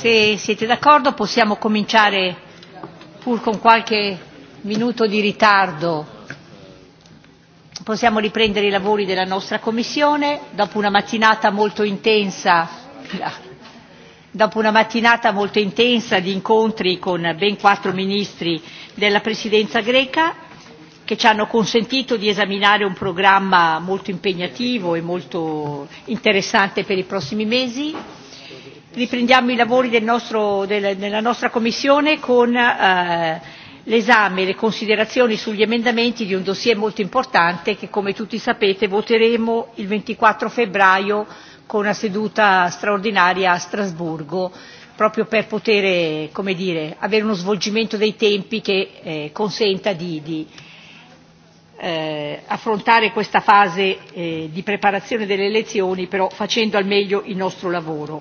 Se siete d'accordo possiamo cominciare pur con qualche minuto di ritardo. Possiamo riprendere i lavori della nostra Commissione dopo una mattinata molto intensa, dopo una mattinata molto intensa di incontri con ben quattro ministri della Presidenza greca che ci hanno consentito di esaminare un programma molto impegnativo e molto interessante per i prossimi mesi riprendiamo i lavori del nostro, del, della nostra Commissione con eh, l'esame e le considerazioni sugli emendamenti di un dossier molto importante che, come tutti sapete, voteremo il 24 febbraio con una seduta straordinaria a Strasburgo proprio per poter come dire, avere uno svolgimento dei tempi che eh, consenta di, di eh, affrontare questa fase eh, di preparazione delle elezioni, però facendo al meglio il nostro lavoro.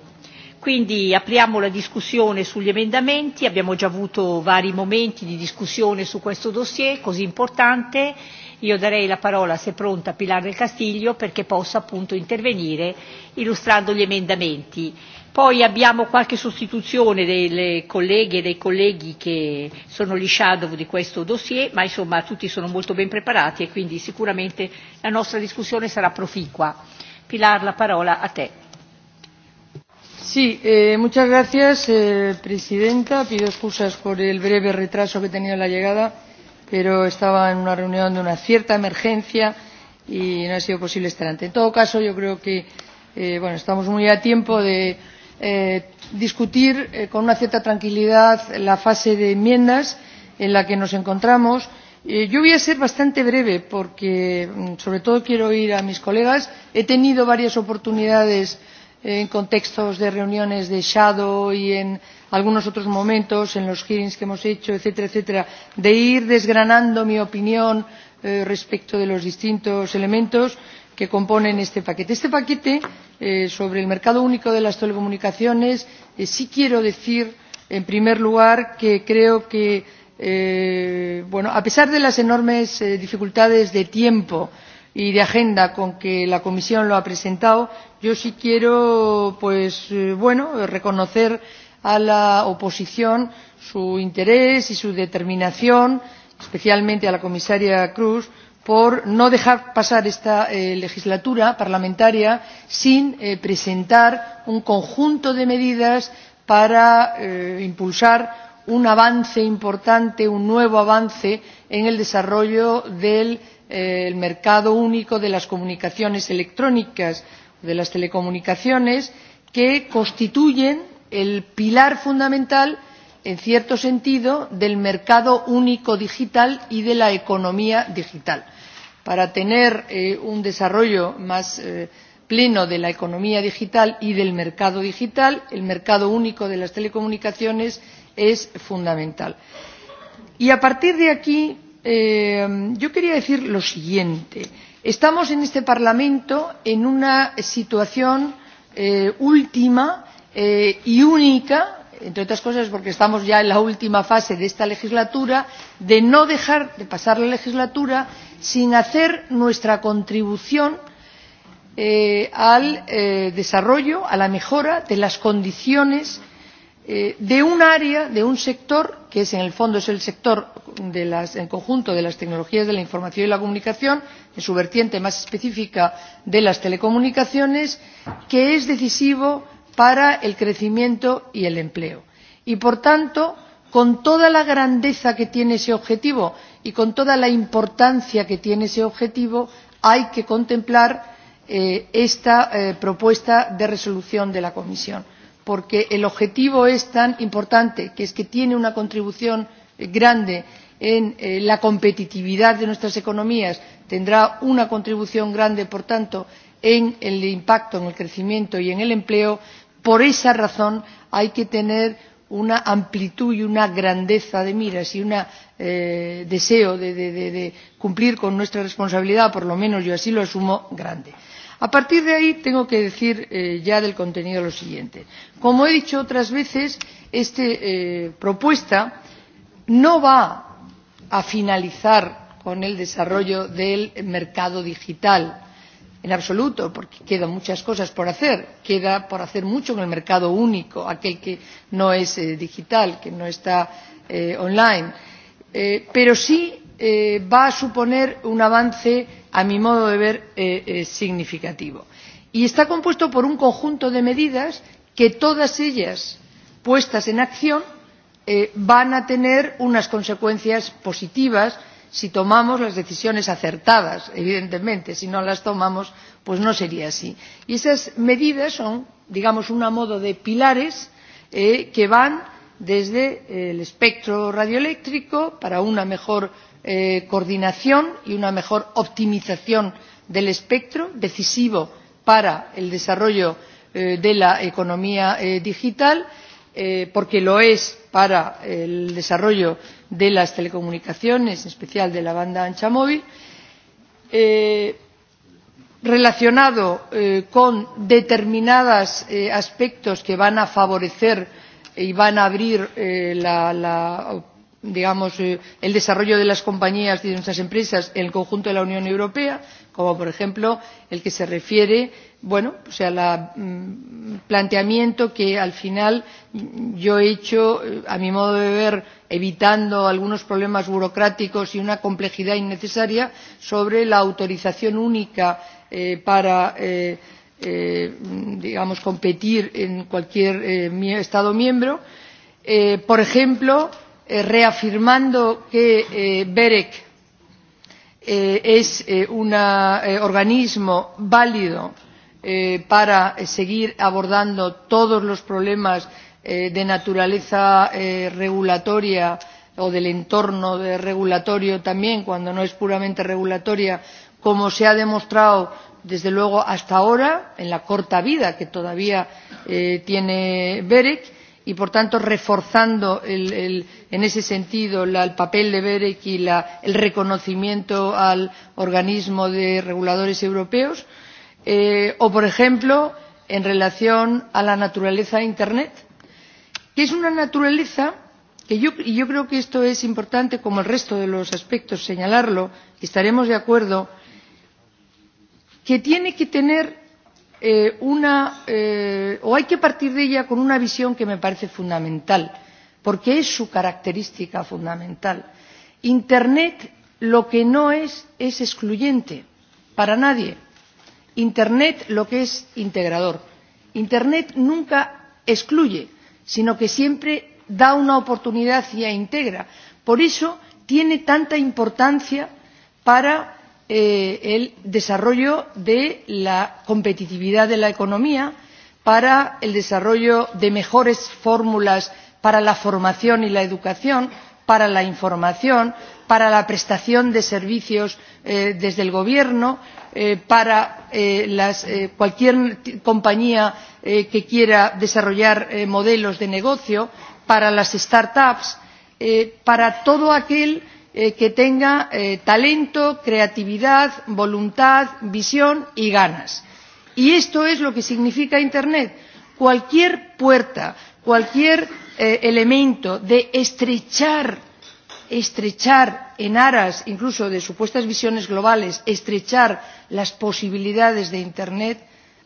Quindi apriamo la discussione sugli emendamenti, abbiamo già avuto vari momenti di discussione su questo dossier così importante. Io darei la parola, se pronta, a Pilar del Castiglio perché possa appunto intervenire illustrando gli emendamenti. Poi abbiamo qualche sostituzione delle colleghe e dei colleghi che sono gli shadow di questo dossier, ma insomma tutti sono molto ben preparati e quindi sicuramente la nostra discussione sarà proficua. Pilar, la parola a te. Sí, eh, muchas gracias, eh, Presidenta. Pido excusas por el breve retraso que he tenido en la llegada, pero estaba en una reunión de una cierta emergencia y no ha sido posible estar antes. En todo caso, yo creo que eh, bueno, estamos muy a tiempo de eh, discutir eh, con una cierta tranquilidad la fase de enmiendas en la que nos encontramos. Eh, yo voy a ser bastante breve porque, mm, sobre todo, quiero oír a mis colegas. He tenido varias oportunidades en contextos de reuniones de shadow y en algunos otros momentos, en los hearings que hemos hecho, etcétera, etcétera, de ir desgranando mi opinión eh, respecto de los distintos elementos que componen este paquete. Este paquete eh, sobre el mercado único de las telecomunicaciones eh, sí quiero decir, en primer lugar, que creo que, eh, bueno, a pesar de las enormes eh, dificultades de tiempo eh, y de agenda con que la Comisión lo ha presentado, yo sí quiero, pues, eh, bueno, reconocer a la oposición su interés y su determinación, especialmente a la comisaria Cruz, por no dejar pasar esta eh, legislatura parlamentaria sin eh, presentar un conjunto de medidas para eh, impulsar un avance importante, un nuevo avance en el desarrollo del el mercado único de las comunicaciones electrónicas, o de las telecomunicaciones, que constituyen el pilar fundamental, en cierto sentido, del mercado único digital y de la economía digital. Para tener eh, un desarrollo más eh, pleno de la economía digital y del mercado digital, el mercado único de las telecomunicaciones es fundamental. Y a partir de aquí eh, yo quería decir lo siguiente. Estamos en este Parlamento en una situación eh, última eh, y única entre otras cosas porque estamos ya en la última fase de esta legislatura, de no dejar de pasar la legislatura sin hacer nuestra contribución eh, al eh, desarrollo, a la mejora de las condiciones eh, de un área, de un sector, que es en el fondo es el sector las, en conjunto de las tecnologías de la información y la comunicación, en su vertiente más específica de las telecomunicaciones, que es decisivo para el crecimiento y el empleo. Y, por tanto, con toda la grandeza que tiene ese objetivo y con toda la importancia que tiene ese objetivo, hay que contemplar eh, esta eh, propuesta de resolución de la Comisión porque el objetivo es tan importante, que es que tiene una contribución grande en eh, la competitividad de nuestras economías, tendrá una contribución grande, por tanto, en el impacto, en el crecimiento y en el empleo. Por esa razón hay que tener una amplitud y una grandeza de miras y un eh, deseo de, de, de, de cumplir con nuestra responsabilidad, por lo menos yo así lo asumo, grande. A partir de ahí tengo que decir eh, ya del contenido lo siguiente. Como he dicho otras veces, esta eh, propuesta no va a finalizar con el desarrollo del mercado digital en absoluto, porque quedan muchas cosas por hacer. Queda por hacer mucho en el mercado único, aquel que no es eh, digital, que no está eh, online. Eh, pero sí eh, va a suponer un avance, a mi modo de ver, eh, eh, significativo. Y está compuesto por un conjunto de medidas que todas ellas, puestas en acción, eh, van a tener unas consecuencias positivas si tomamos las decisiones acertadas, evidentemente, si no las tomamos, pues no sería así. Y esas medidas son, digamos, un modo de pilares eh, que van desde el espectro radioeléctrico para una mejor eh, coordinación y una mejor optimización del espectro decisivo para el desarrollo eh, de la economía eh, digital eh, porque lo es para el desarrollo de las telecomunicaciones, en especial de la banda ancha móvil, eh, relacionado eh, con determinados eh, aspectos que van a favorecer y van a abrir eh, la, la digamos, eh, el desarrollo de las compañías y de nuestras empresas en el conjunto de la Unión Europea, como por ejemplo el que se refiere bueno, o sea, la, mm, planteamiento que al final yo he hecho, eh, a mi modo de ver, evitando algunos problemas burocráticos y una complejidad innecesaria sobre la autorización única eh, para. Eh, eh, digamos, competir en cualquier eh, Estado miembro. Eh, por ejemplo, Eh, reafirmando que eh, BEREC eh, es eh, un eh, organismo válido eh, para eh, seguir abordando todos los problemas eh, de naturaleza eh, regulatoria o del entorno de regulatorio también, cuando no es puramente regulatoria, como se ha demostrado desde luego hasta ahora, en la corta vida que todavía eh, tiene BEREC, y por tanto reforzando el, el, en ese sentido la, el papel de BEREC y la, el reconocimiento al organismo de reguladores europeos eh, o por ejemplo en relación a la naturaleza de Internet que es una naturaleza que yo, y yo creo que esto es importante como el resto de los aspectos señalarlo y estaremos de acuerdo que tiene que tener eh, una, eh, o hay que partir de ella con una visión que me parece fundamental, porque es su característica fundamental. Internet lo que no es es excluyente para nadie. Internet lo que es integrador. Internet nunca excluye, sino que siempre da una oportunidad y integra. Por eso tiene tanta importancia para eh, el desarrollo de la competitividad de la economía, para el desarrollo de mejores fórmulas para la formación y la educación, para la información, para la prestación de servicios eh, desde el Gobierno, eh, para eh, las, eh, cualquier compañía eh, que quiera desarrollar eh, modelos de negocio, para las start-ups, eh, para todo aquel eh, que tenga eh, talento, creatividad, voluntad, visión y ganas. Y esto es lo que significa Internet. Cualquier puerta, cualquier eh, elemento de estrechar, estrechar en aras incluso de supuestas visiones globales, estrechar las posibilidades de Internet,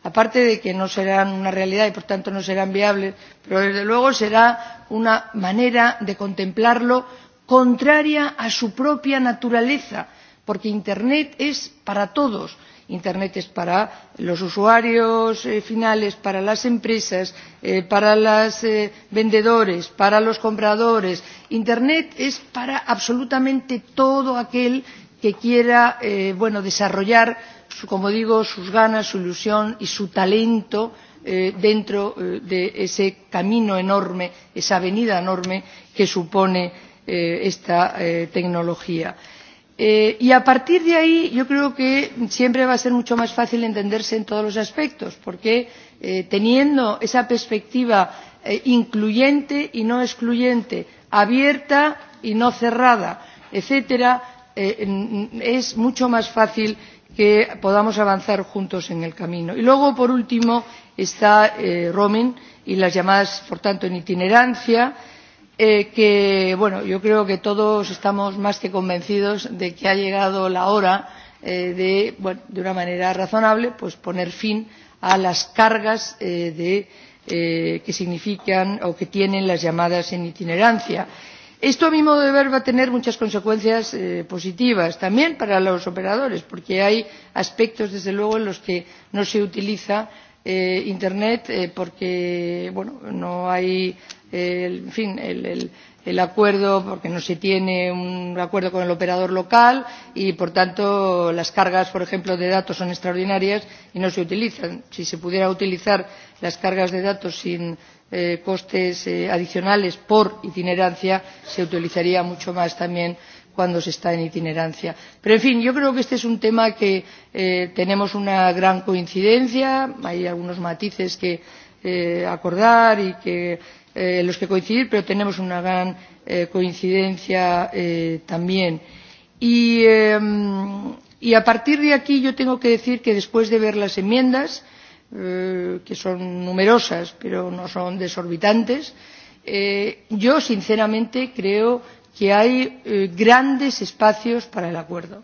aparte de que no serán una realidad y por tanto no serán viables, pero desde luego será una manera de contemplarlo contraria a su propia naturaleza, porque Internet es para todos. Internet es para los usuarios eh, finales, para las empresas, eh, para los eh, vendedores, para los compradores. Internet es para absolutamente todo aquel que quiera eh, bueno, desarrollar, su, como digo, sus ganas, su ilusión y su talento eh, dentro eh, de ese camino enorme, esa avenida enorme que supone eh, esta eh, tecnología. Eh, y a partir de ahí yo creo que siempre va a ser mucho más fácil entenderse en todos los aspectos, porque eh, teniendo esa perspectiva eh, incluyente y no excluyente, abierta y no cerrada, etcétera, eh, es mucho más fácil que podamos avanzar juntos en el camino. Y luego, por último, está eh, roaming y las llamadas, por tanto, en itinerancia eh, que, bueno, yo creo que todos estamos más que convencidos de que ha llegado la hora eh, de, bueno, de una manera razonable, pues poner fin a las cargas eh, de, eh, que significan o que tienen las llamadas en itinerancia. Esto, a mi modo de ver, va a tener muchas consecuencias eh, positivas también para los operadores, porque hay aspectos, desde luego, en los que no se utiliza eh, Internet eh, porque bueno, no hay, eh, en fin, el, el, el acuerdo, porque no se tiene un acuerdo con el operador local y, por tanto, las cargas, por ejemplo, de datos son extraordinarias y no se utilizan. Si se pudiera utilizar las cargas de datos sin eh, costes eh, adicionales por itinerancia, se utilizaría mucho más también cuando se está en itinerancia. Pero, en fin, yo creo que este es un tema que eh, tenemos una gran coincidencia, hay algunos matices que eh, acordar y que, eh, los que coincidir, pero tenemos una gran eh, coincidencia eh, también. Y, eh, y a partir de aquí yo tengo que decir que después de ver las enmiendas, eh, que son numerosas, pero no son desorbitantes, eh, yo sinceramente creo que hay eh, grandes espacios para el acuerdo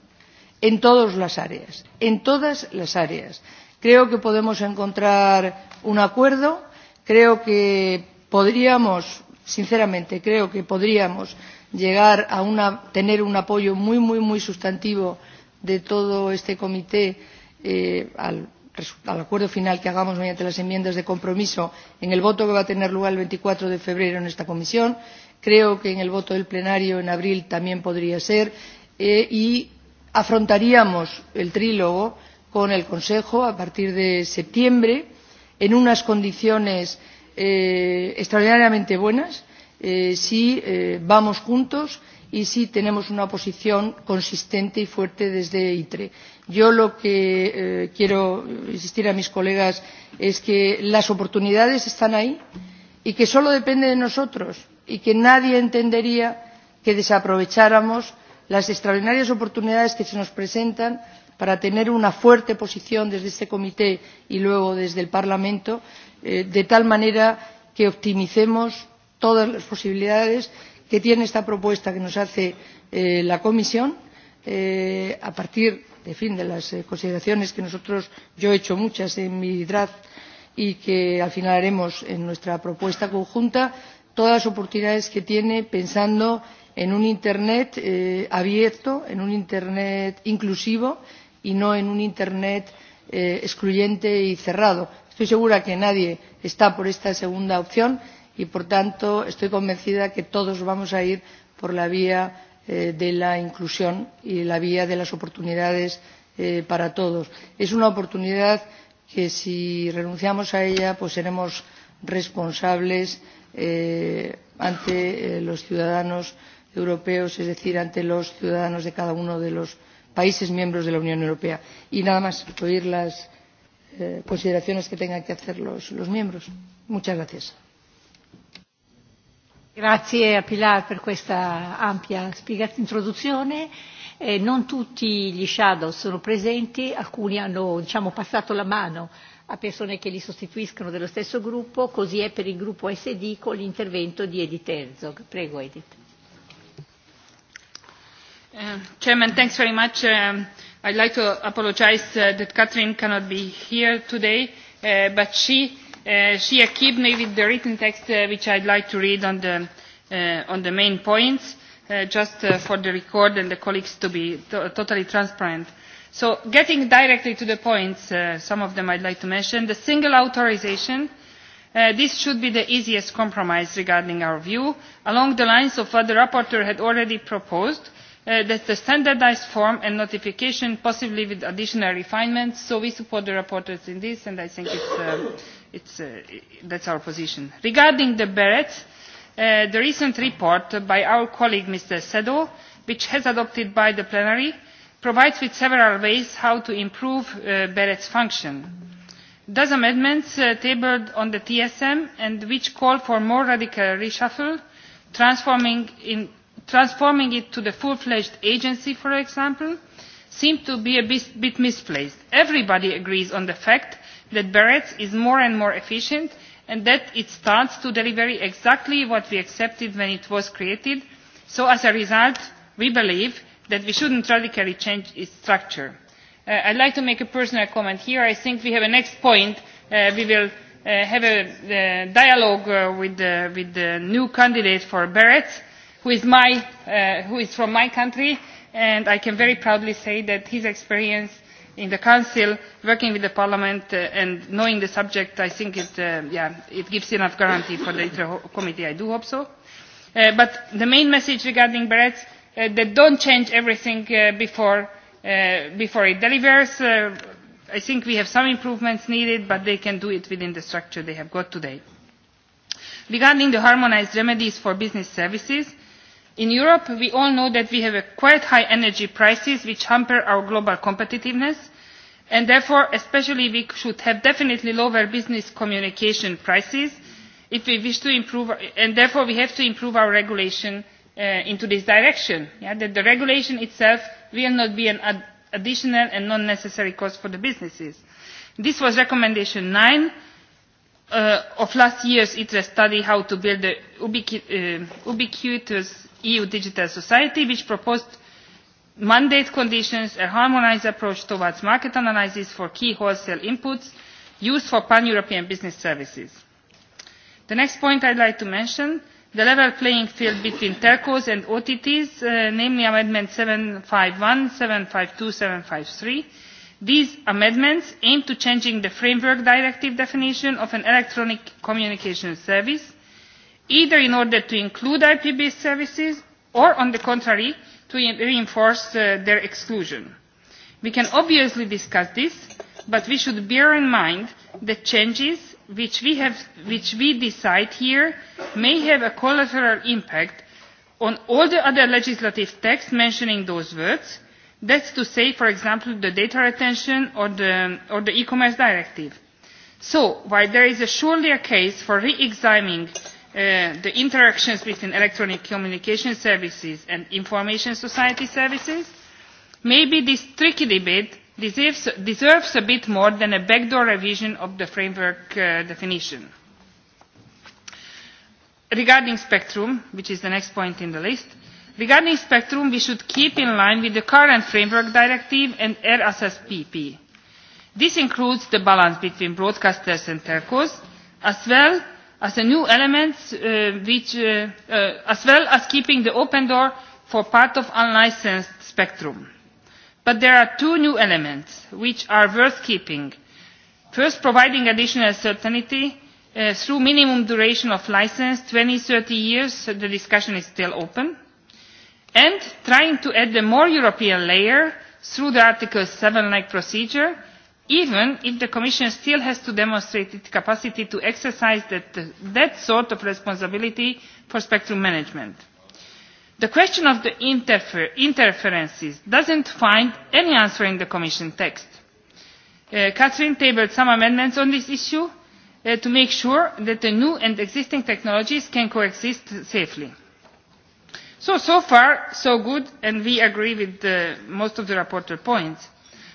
en todas las áreas, en todas las áreas. Creo que podemos encontrar un acuerdo, creo que podríamos, sinceramente, creo que podríamos llegar a una, tener un apoyo muy, muy, muy sustantivo de todo este comité eh, al, al acuerdo final que hagamos mediante las enmiendas de compromiso en el voto que va a tener lugar el 24 de febrero en esta comisión Creo que en el voto del plenario en abril también podría ser eh, y afrontaríamos el trílogo con el Consejo a partir de septiembre en unas condiciones eh, extraordinariamente buenas eh, si eh, vamos juntos y si tenemos una posición consistente y fuerte desde ITRE. Yo lo que eh, quiero insistir a mis colegas es que las oportunidades están ahí y que solo depende de nosotros y que nadie entendería que desaprovecháramos las extraordinarias oportunidades que se nos presentan para tener una fuerte posición desde este comité y luego desde el Parlamento, eh, de tal manera que optimicemos todas las posibilidades que tiene esta propuesta que nos hace eh, la Comisión eh, a partir de, fin, de las eh, consideraciones que nosotros, yo he hecho muchas en mi draft y que al final haremos en nuestra propuesta conjunta todas las oportunidades que tiene pensando en un Internet eh, abierto, en un Internet inclusivo y no en un Internet eh, excluyente y cerrado. Estoy segura que nadie está por esta segunda opción y, por tanto, estoy convencida que todos vamos a ir por la vía eh, de la inclusión y la vía de las oportunidades eh, para todos. Es una oportunidad que, si renunciamos a ella, pues seremos responsables eh, ante eh, los ciudadanos europeos, es decir, ante los ciudadanos de cada uno de los países miembros de la Unión Europea. Y nada más, oír las eh, consideraciones que tengan que hacer los, los miembros. Muchas gracias. Grazie a Pilar per questa ampia introduzione. Eh, non tutti gli shadow sono presenti, alcuni hanno diciamo, passato la mano a persone che li sostituiscono dello stesso gruppo, così è per il gruppo SD con l'intervento di Edith Herzog. Prego Edith. Uh, Chairman, thanks very much. Uh, I'd like to apologize uh, that Catherine cannot be here today, uh, but she, uh, she equipped me with the written text uh, which I'd like to read on the, uh, on the main points, uh, just uh, for the record and the colleagues to be to totally transparent. Uh, So getting directly to the points, uh, some of them I'd like to mention, the single authorization, uh, this should be the easiest compromise regarding our view, along the lines of what the rapporteur had already proposed, uh, that the standardized form and notification, possibly with additional refinements. So we support the rapporteurs in this, and I think it's, uh, it's, uh, that's our position. Regarding the Beret, uh, the recent report by our colleague Mr. Sedo, which has adopted by the plenary, provides with several ways how to improve uh, BERET's function. Those amendments uh, tabled on the TSM and which call for more radical reshuffle, transforming, in, transforming it to the full-fledged agency, for example, seem to be a bit, bit misplaced. Everybody agrees on the fact that BERET is more and more efficient and that it starts to deliver exactly what we accepted when it was created. So as a result, we believe that we shouldn't radically change its structure. Uh, I'd like to make a personal comment here. I think we have a next point. Uh, we will uh, have a uh, dialogue uh, with, the, with the new candidate for Barrett, who is, my, uh, who is from my country, and I can very proudly say that his experience in the Council, working with the Parliament uh, and knowing the subject, I think it, uh, yeah, it gives enough guarantee for the committee. I do hope so. Uh, but the main message regarding Barrett's uh, that don't change everything uh, before, uh, before it delivers. Uh, I think we have some improvements needed, but they can do it within the structure they have got today. Regarding the harmonized remedies for business services, in Europe we all know that we have a quite high energy prices which hamper our global competitiveness and therefore especially we should have definitely lower business communication prices if we wish to improve and therefore we have to improve our regulation uh, into this direction, yeah, that the regulation itself will not be an ad additional and non-necessary cost for the businesses. This was recommendation nine uh, of last year's ITRE study, How to Build the ubiqu uh, Ubiquitous EU Digital Society, which proposed mandate conditions, a harmonized approach towards market analysis for key wholesale inputs used for pan-European business services. The next point I'd like to mention the level playing field between telcos and OTTs, uh, namely Amendment 751, 752, 753. These amendments aim to changing the framework directive definition of an electronic communication service, either in order to include IP-based services or, on the contrary, to reinforce uh, their exclusion. We can obviously discuss this, but we should bear in mind that changes which we, have, which we decide here may have a collateral impact on all the other legislative texts mentioning those words. That's to say, for example, the data retention or the or the e-commerce directive. So, while there is a surely a case for re-examining uh, the interactions between electronic communication services and information society services, maybe this tricky debate deserves, deserves a bit more than a backdoor revision of the framework uh, definition. Regarding spectrum, which is the next point in the list, regarding spectrum, we should keep in line with the current framework directive and RSSPP. This includes the balance between broadcasters and telcos, as well as a new elements uh, which, uh, uh, as well as keeping the open door for part of unlicensed spectrum. But there are two new elements which are worth keeping. First, providing additional certainty uh, through minimum duration of license, 20, 30 years, the discussion is still open. And trying to add a more European layer through the Article 7-like procedure, even if the Commission still has to demonstrate its capacity to exercise that, that sort of responsibility for spectrum management. The question of the interfer interferences doesn't find any answer in the Commission text. Uh, Catherine tabled some amendments on this issue uh, to make sure that the new and existing technologies can coexist safely. So, so far, so good, and we agree with the, most of the rapporteur points.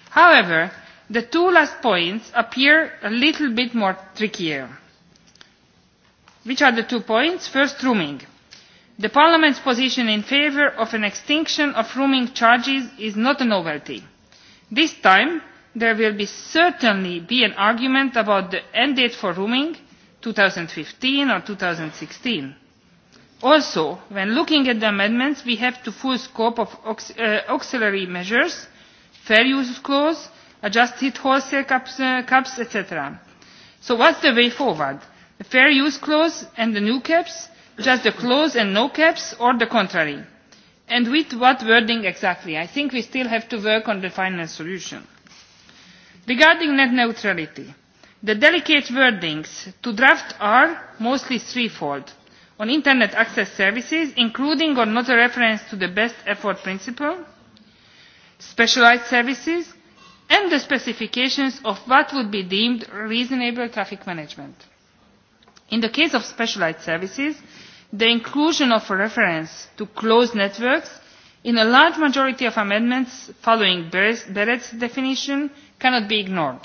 However, the two last points appear a little bit more trickier. Which are the two points? First, rooming. The Parliament's position in favour of an extinction of roaming charges is not a novelty. This time, there will be certainly be an argument about the end date for roaming, 2015 or 2016. Also, when looking at the amendments, we have the full scope of aux uh, auxiliary measures, fair use clause, adjusted wholesale caps, uh, caps etc. So what's the way forward? The fair use clause and the new caps – just the clause and no caps or the contrary. And with what wording exactly? I think we still have to work on the final solution. Regarding net neutrality, the delicate wordings to draft are mostly threefold. On Internet access services, including or not a reference to the best effort principle, specialized services, and the specifications of what would be deemed reasonable traffic management. In the case of specialized services, the inclusion of a reference to closed networks in a large majority of amendments following Beret's definition cannot be ignored.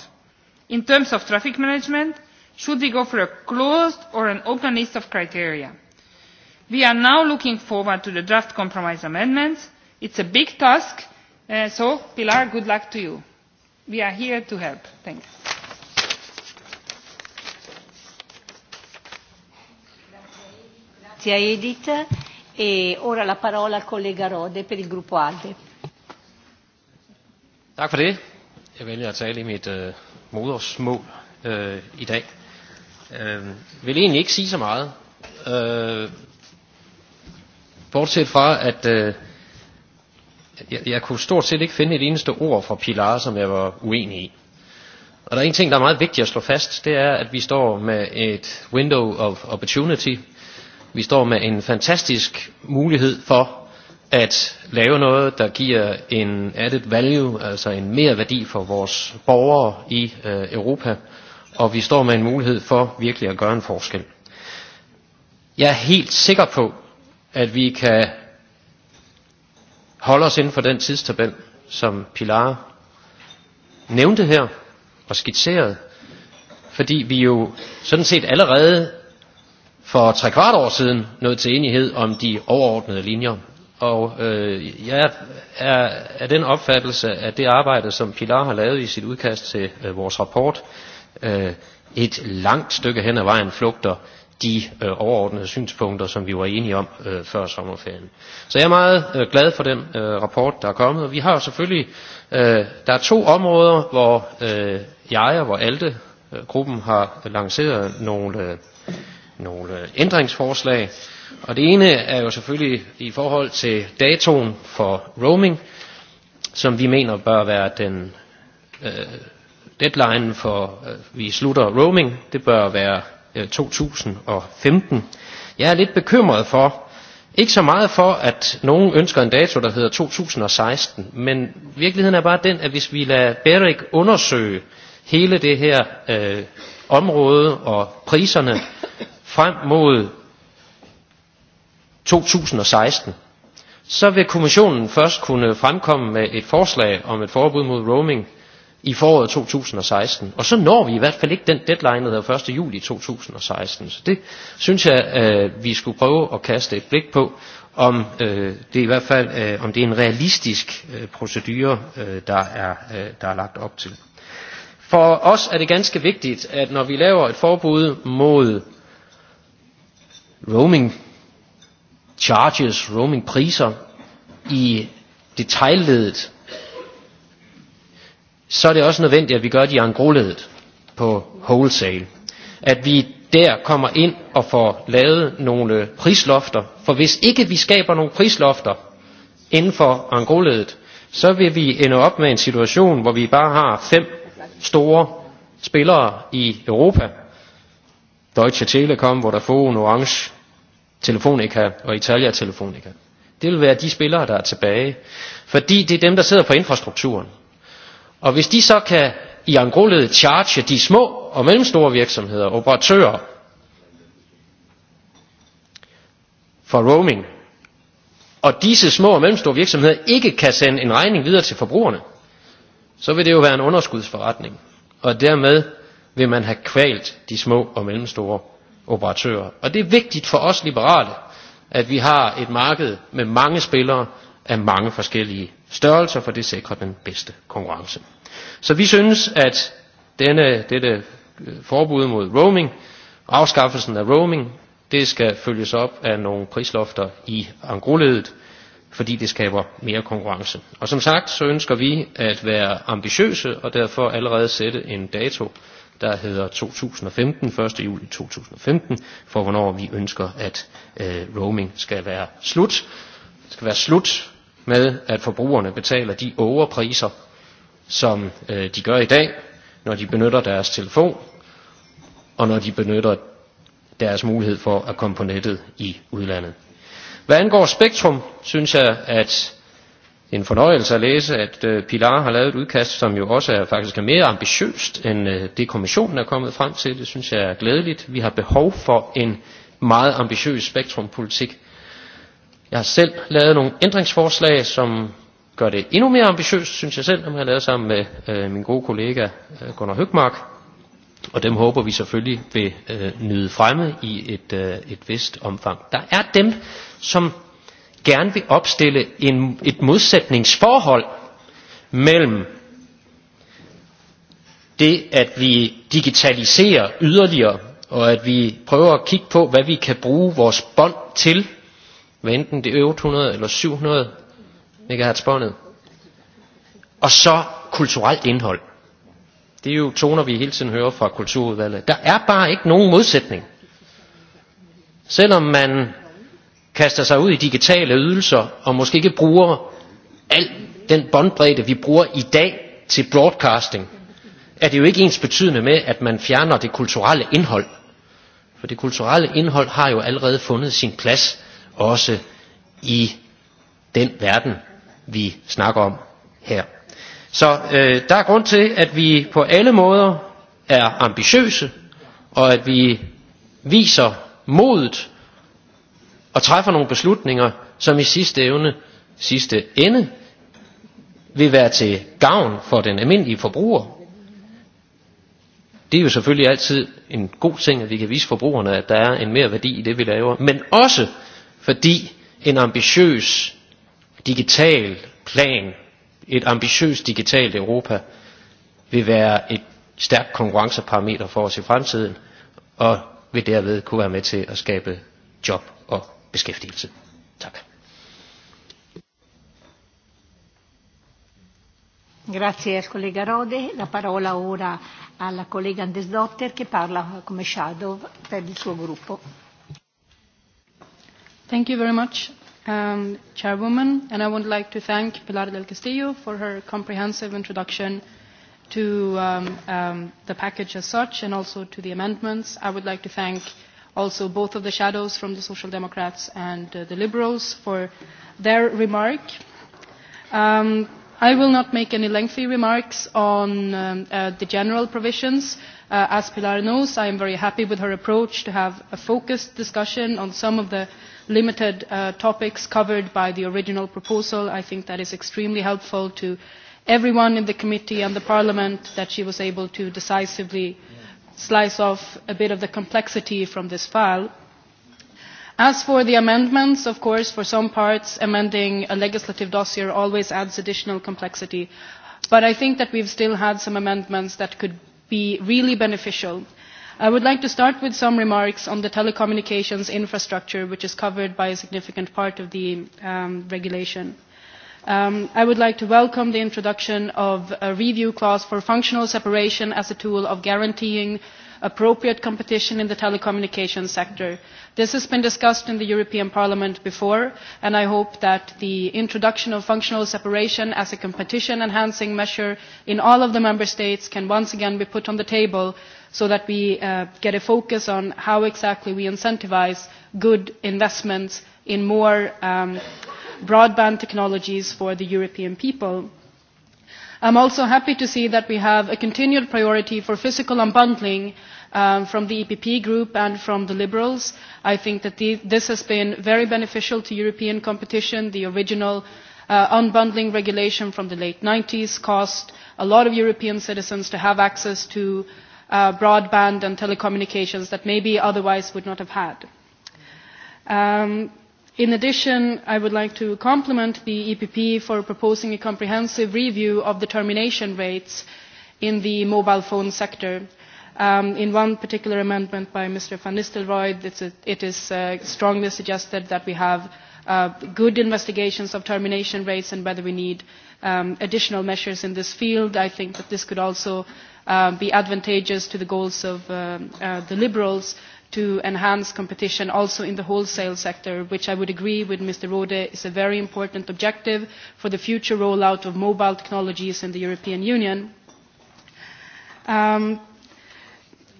In terms of traffic management, should we go for a closed or an open list of criteria? We are now looking forward to the draft compromise amendments. It's a big task, uh, so Pilar, good luck to you. We are here to help. Thanks. Grazie Edith. E ora la parola al collega Rode per il gruppo ALDE. Tak for det. Jeg vælger at tale i mit øh, modersmål øh, i dag. Øh, vil egentlig ikke sige så meget. Øh, bortset fra, at øh, jeg, jeg kunne stort set ikke finde et eneste ord fra Pilar, som jeg var uenig i. Og der er en ting, der er meget vigtigt at slå fast, det er, at vi står med et window of opportunity – Vi står med en fantastisk mulighed for at lave noget, der giver en added value, altså en mere værdi for vores borgere i øh, Europa, og vi står med en mulighed for virkelig at gøre en forskel. Jeg er helt sikker på, at vi kan holde os inden for den tidstabel, som Pilar nævnte her og skitserede, fordi vi jo sådan set allerede for tre kvart år siden nået til enighed om de overordnede linjer. Og øh, jeg er af er den opfattelse, at det arbejde, som Pilar har lavet i sit udkast til øh, vores rapport, øh, et langt stykke hen ad vejen flugter de øh, overordnede synspunkter, som vi var enige om øh, før sommerferien. Så jeg er meget øh, glad for den øh, rapport, der er kommet. Vi har selvfølgelig, øh, der er to områder, hvor øh, jeg og hvor Alte, øh, gruppen har lanceret nogle øh, nogle øh, ændringsforslag. Og det ene er jo selvfølgelig i forhold til datoen for roaming, som vi mener bør være den øh, deadline for, øh, vi slutter roaming. Det bør være øh, 2015. Jeg er lidt bekymret for, ikke så meget for, at nogen ønsker en dato, der hedder 2016, men virkeligheden er bare den, at hvis vi lader Berik undersøge hele det her øh, område og priserne, frem mod 2016, så vil kommissionen først kunne fremkomme med et forslag om et forbud mod roaming i foråret 2016. Og så når vi i hvert fald ikke den deadline, der hedder 1. juli 2016. Så det synes jeg, øh, vi skulle prøve at kaste et blik på, om øh, det er i hvert fald øh, om det er en realistisk procedure, der, er, der er lagt op til. For os er det ganske vigtigt, at når vi laver et forbud mod roaming charges, roaming priser i detailledet, så er det også nødvendigt, at vi gør de i angroledet på wholesale. At vi der kommer ind og får lavet nogle prislofter, for hvis ikke vi skaber nogle prislofter inden for angroledet, så vil vi ende op med en situation, hvor vi bare har fem store spillere i Europa. Deutsche Telekom, Vodafone, Orange, Telefonica og Italia Telefonica. Det vil være de spillere, der er tilbage, fordi det er dem, der sidder på infrastrukturen. Og hvis de så kan i angroledet charge de små og mellemstore virksomheder, operatører, for roaming, og disse små og mellemstore virksomheder ikke kan sende en regning videre til forbrugerne, så vil det jo være en underskudsforretning. Og dermed vil man have kvalt de små og mellemstore operatører. Og det er vigtigt for os liberale, at vi har et marked med mange spillere af mange forskellige størrelser, for det sikrer den bedste konkurrence. Så vi synes, at denne, dette øh, forbud mod roaming, afskaffelsen af roaming, det skal følges op af nogle prislofter i angroledet, fordi det skaber mere konkurrence. Og som sagt, så ønsker vi at være ambitiøse og derfor allerede sætte en dato der hedder 2015, 1. juli 2015, for hvornår vi ønsker, at øh, roaming skal være slut. Det skal være slut med, at forbrugerne betaler de overpriser, som øh, de gør i dag, når de benytter deres telefon, og når de benytter deres mulighed for at komme på nettet i udlandet. Hvad angår spektrum, synes jeg, at en fornøjelse at læse, at øh, Pilar har lavet et udkast, som jo også er, faktisk er mere ambitiøst end øh, det, kommissionen er kommet frem til. Det synes jeg er glædeligt. Vi har behov for en meget ambitiøs spektrumpolitik. Jeg har selv lavet nogle ændringsforslag, som gør det endnu mere ambitiøst, synes jeg selv, når jeg har lavet sammen med øh, min gode kollega øh, Gunnar Høgmark. Og dem håber vi selvfølgelig vil øh, nyde fremme i et, øh, et vist omfang. Der er dem, som gerne vil opstille en, et modsætningsforhold mellem det, at vi digitaliserer yderligere, og at vi prøver at kigge på, hvad vi kan bruge vores bånd til, hvad enten det er 800 eller 700 MHz båndet, og så kulturelt indhold. Det er jo toner, vi hele tiden hører fra kulturudvalget. Der er bare ikke nogen modsætning. Selvom man kaster sig ud i digitale ydelser og måske ikke bruger al den båndbredde, vi bruger i dag til broadcasting, er det jo ikke ens betydende med, at man fjerner det kulturelle indhold. For det kulturelle indhold har jo allerede fundet sin plads, også i den verden, vi snakker om her. Så øh, der er grund til, at vi på alle måder er ambitiøse, og at vi viser modet og træffer nogle beslutninger, som i sidste evne, sidste ende, vil være til gavn for den almindelige forbruger. Det er jo selvfølgelig altid en god ting, at vi kan vise forbrugerne, at der er en mere værdi i det, vi laver. Men også fordi en ambitiøs digital plan, et ambitiøst digitalt Europa, vil være et stærkt konkurrenceparameter for os i fremtiden, og vil derved kunne være med til at skabe job og kif sind. Tak. Grazie al collega Rode. La parola ora alla collega Andesdotter che parla come shadow per il suo gruppo. Thank you very much, um, Chairwoman, and I would like to thank Pilar del Castillo for her comprehensive introduction to um, um, the package as such and also to the amendments. I would like to thank also both of the shadows from the Social Democrats and uh, the Liberals for their remark. Um, I will not make any lengthy remarks on um, uh, the general provisions. Uh, as Pilar knows, I am very happy with her approach to have a focused discussion on some of the limited uh, topics covered by the original proposal. I think that is extremely helpful to everyone in the committee and the parliament that she was able to decisively yeah slice off a bit of the complexity from this file. As for the amendments, of course, for some parts, amending a legislative dossier always adds additional complexity. But I think that we've still had some amendments that could be really beneficial. I would like to start with some remarks on the telecommunications infrastructure, which is covered by a significant part of the um, regulation. Um, I would like to welcome the introduction of a review clause for functional separation as a tool of guaranteeing appropriate competition in the telecommunications sector. This has been discussed in the European Parliament before, and I hope that the introduction of functional separation as a competition-enhancing measure in all of the Member States can once again be put on the table so that we uh, get a focus on how exactly we incentivize good investments in more um, broadband technologies for the European people. I'm also happy to see that we have a continued priority for physical unbundling um, from the EPP group and from the Liberals. I think that the, this has been very beneficial to European competition. The original uh, unbundling regulation from the late 90s caused a lot of European citizens to have access to uh, broadband and telecommunications that maybe otherwise would not have had. Um, In addition, I would like to compliment the EPP for proposing a comprehensive review of the termination rates in the mobile phone sector. Um, in one particular amendment by Mr. Van Nistelrooy, it's a, it is uh, strongly suggested that we have uh, good investigations of termination rates and whether we need um, additional measures in this field. I think that this could also uh, be advantageous to the goals of uh, uh, the Liberals to enhance competition also in the wholesale sector, which I would agree with Mr. Rode is a very important objective for the future rollout of mobile technologies in the European Union. Um,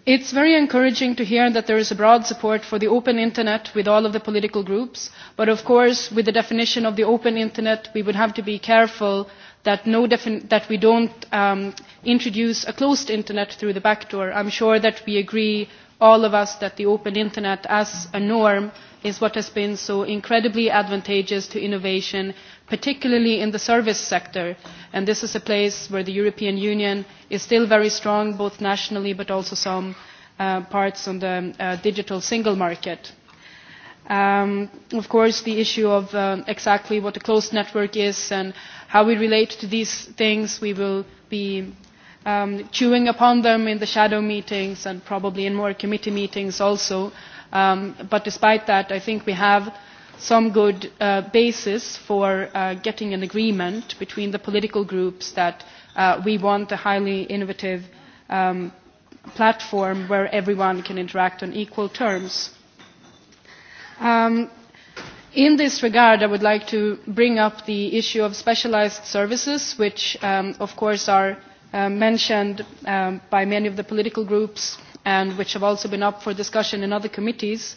It's very encouraging to hear that there is a broad support for the open internet with all of the political groups, but of course with the definition of the open internet we would have to be careful that, no that we don't um, introduce a closed internet through the back door. I'm sure that we agree all of us that the open internet as a norm is what has been so incredibly advantageous to innovation, particularly in the service sector. And this is a place where the European Union is still very strong, both nationally but also some uh, parts on the uh, digital single market. Um, of course, the issue of uh, exactly what a closed network is and how we relate to these things, we will be um, chewing upon them in the shadow meetings and probably in more committee meetings also. Um, but despite that, I think we have some good uh, basis for uh, getting an agreement between the political groups that uh, we want a highly innovative um, platform where everyone can interact on equal terms. Um, in this regard, I would like to bring up the issue of specialized services, which um, of course are Uh, mentioned um, by many of the political groups and which have also been up for discussion in other committees,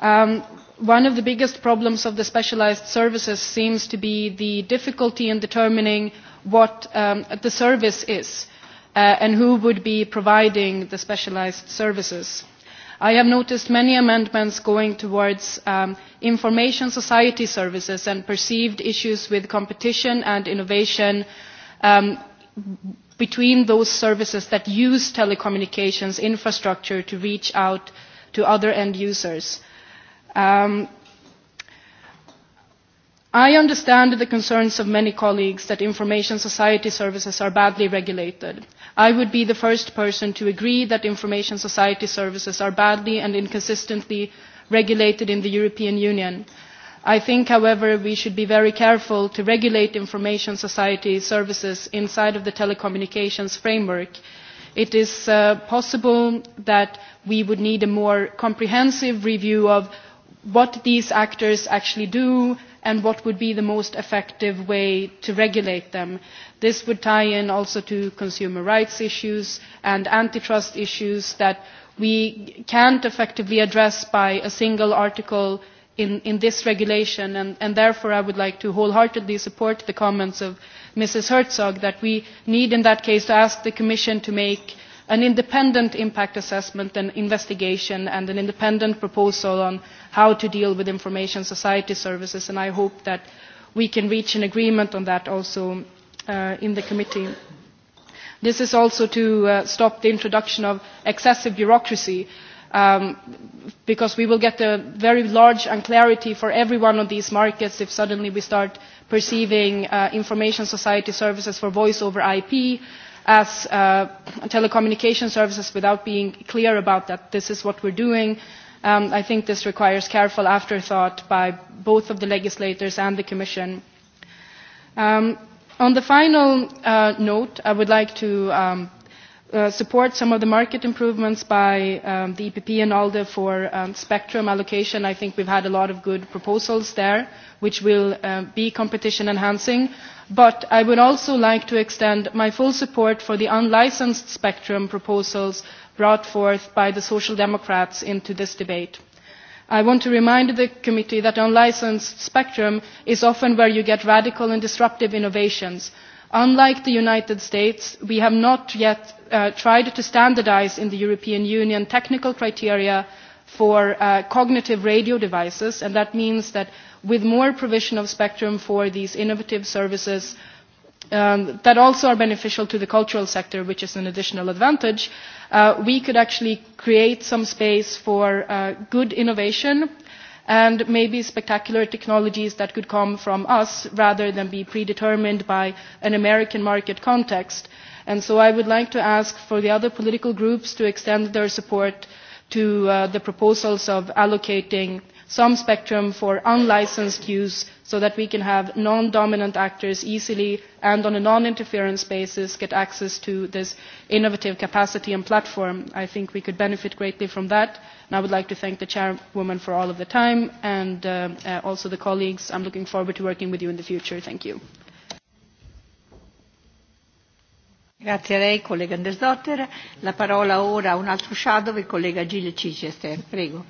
um, one of the biggest problems of the specialized services seems to be the difficulty in determining what um, the service is uh, and who would be providing the specialized services. I have noticed many amendments going towards um, information society services and perceived issues with competition and innovation um, between those services that use telecommunications infrastructure to reach out to other end users. Um, I understand the concerns of many colleagues that information society services are badly regulated. I would be the first person to agree that information society services are badly and inconsistently regulated in the European Union. I think, however, we should be very careful to regulate information society services inside of the telecommunications framework. It is uh, possible that we would need a more comprehensive review of what these actors actually do and what would be the most effective way to regulate them. This would tie in also to consumer rights issues and antitrust issues that we can't effectively address by a single article in, in this regulation, and, and therefore I would like to wholeheartedly support the comments of Mrs. Herzog that we need in that case to ask the Commission to make an independent impact assessment and investigation and an independent proposal on how to deal with information society services, and I hope that we can reach an agreement on that also uh, in the committee. This is also to uh, stop the introduction of excessive bureaucracy um, because we will get a very large unclarity for every one of these markets if suddenly we start perceiving uh, information society services for voice over IP as uh, telecommunication services without being clear about that this is what we're doing. Um, I think this requires careful afterthought by both of the legislators and the Commission. Um, on the final uh, note, I would like to um, uh, support some of the market improvements by um, the EPP and ALDE for um, spectrum allocation. I think we've had a lot of good proposals there, which will um, be competition enhancing. But I would also like to extend my full support for the unlicensed spectrum proposals brought forth by the Social Democrats into this debate. I want to remind the committee that unlicensed spectrum is often where you get radical and disruptive innovations, Unlike the United States, we have not yet uh, tried to standardize in the European Union technical criteria for uh, cognitive radio devices, and that means that with more provision of spectrum for these innovative services um, that also are beneficial to the cultural sector, which is an additional advantage, uh, we could actually create some space for uh, good innovation and maybe spectacular technologies that could come from us rather than be predetermined by an American market context. And so I would like to ask for the other political groups to extend their support to uh, the proposals of allocating some spectrum for unlicensed use so that we can have non-dominant actors easily and on a non-interference basis get access to this innovative capacity and platform. I think we could benefit greatly from that. And I would like to thank the chairwoman for all of the time and uh, uh, also the colleagues. I'm looking forward to working with you in the future. Thank you. Grazie a lei, collega Andersdotter. La parola ora a un altro shadow, il collega Gilles Cicester. Prego.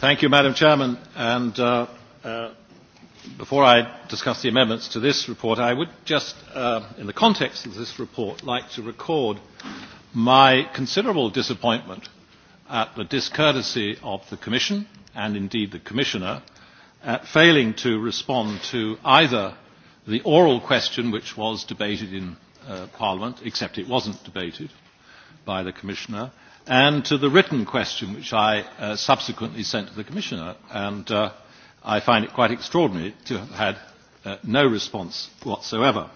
Thank you, Madam Chairman. And uh, uh, before I discuss the amendments to this report, I would just, uh, in the context of this report, like to record my considerable disappointment at the discourtesy of the Commission and indeed the Commissioner at failing to respond to either the oral question which was debated in uh, Parliament, except it wasn't debated by the Commissioner, and to the written question which I uh, subsequently sent to the Commissioner. And uh, I find it quite extraordinary to have had uh, no response whatsoever.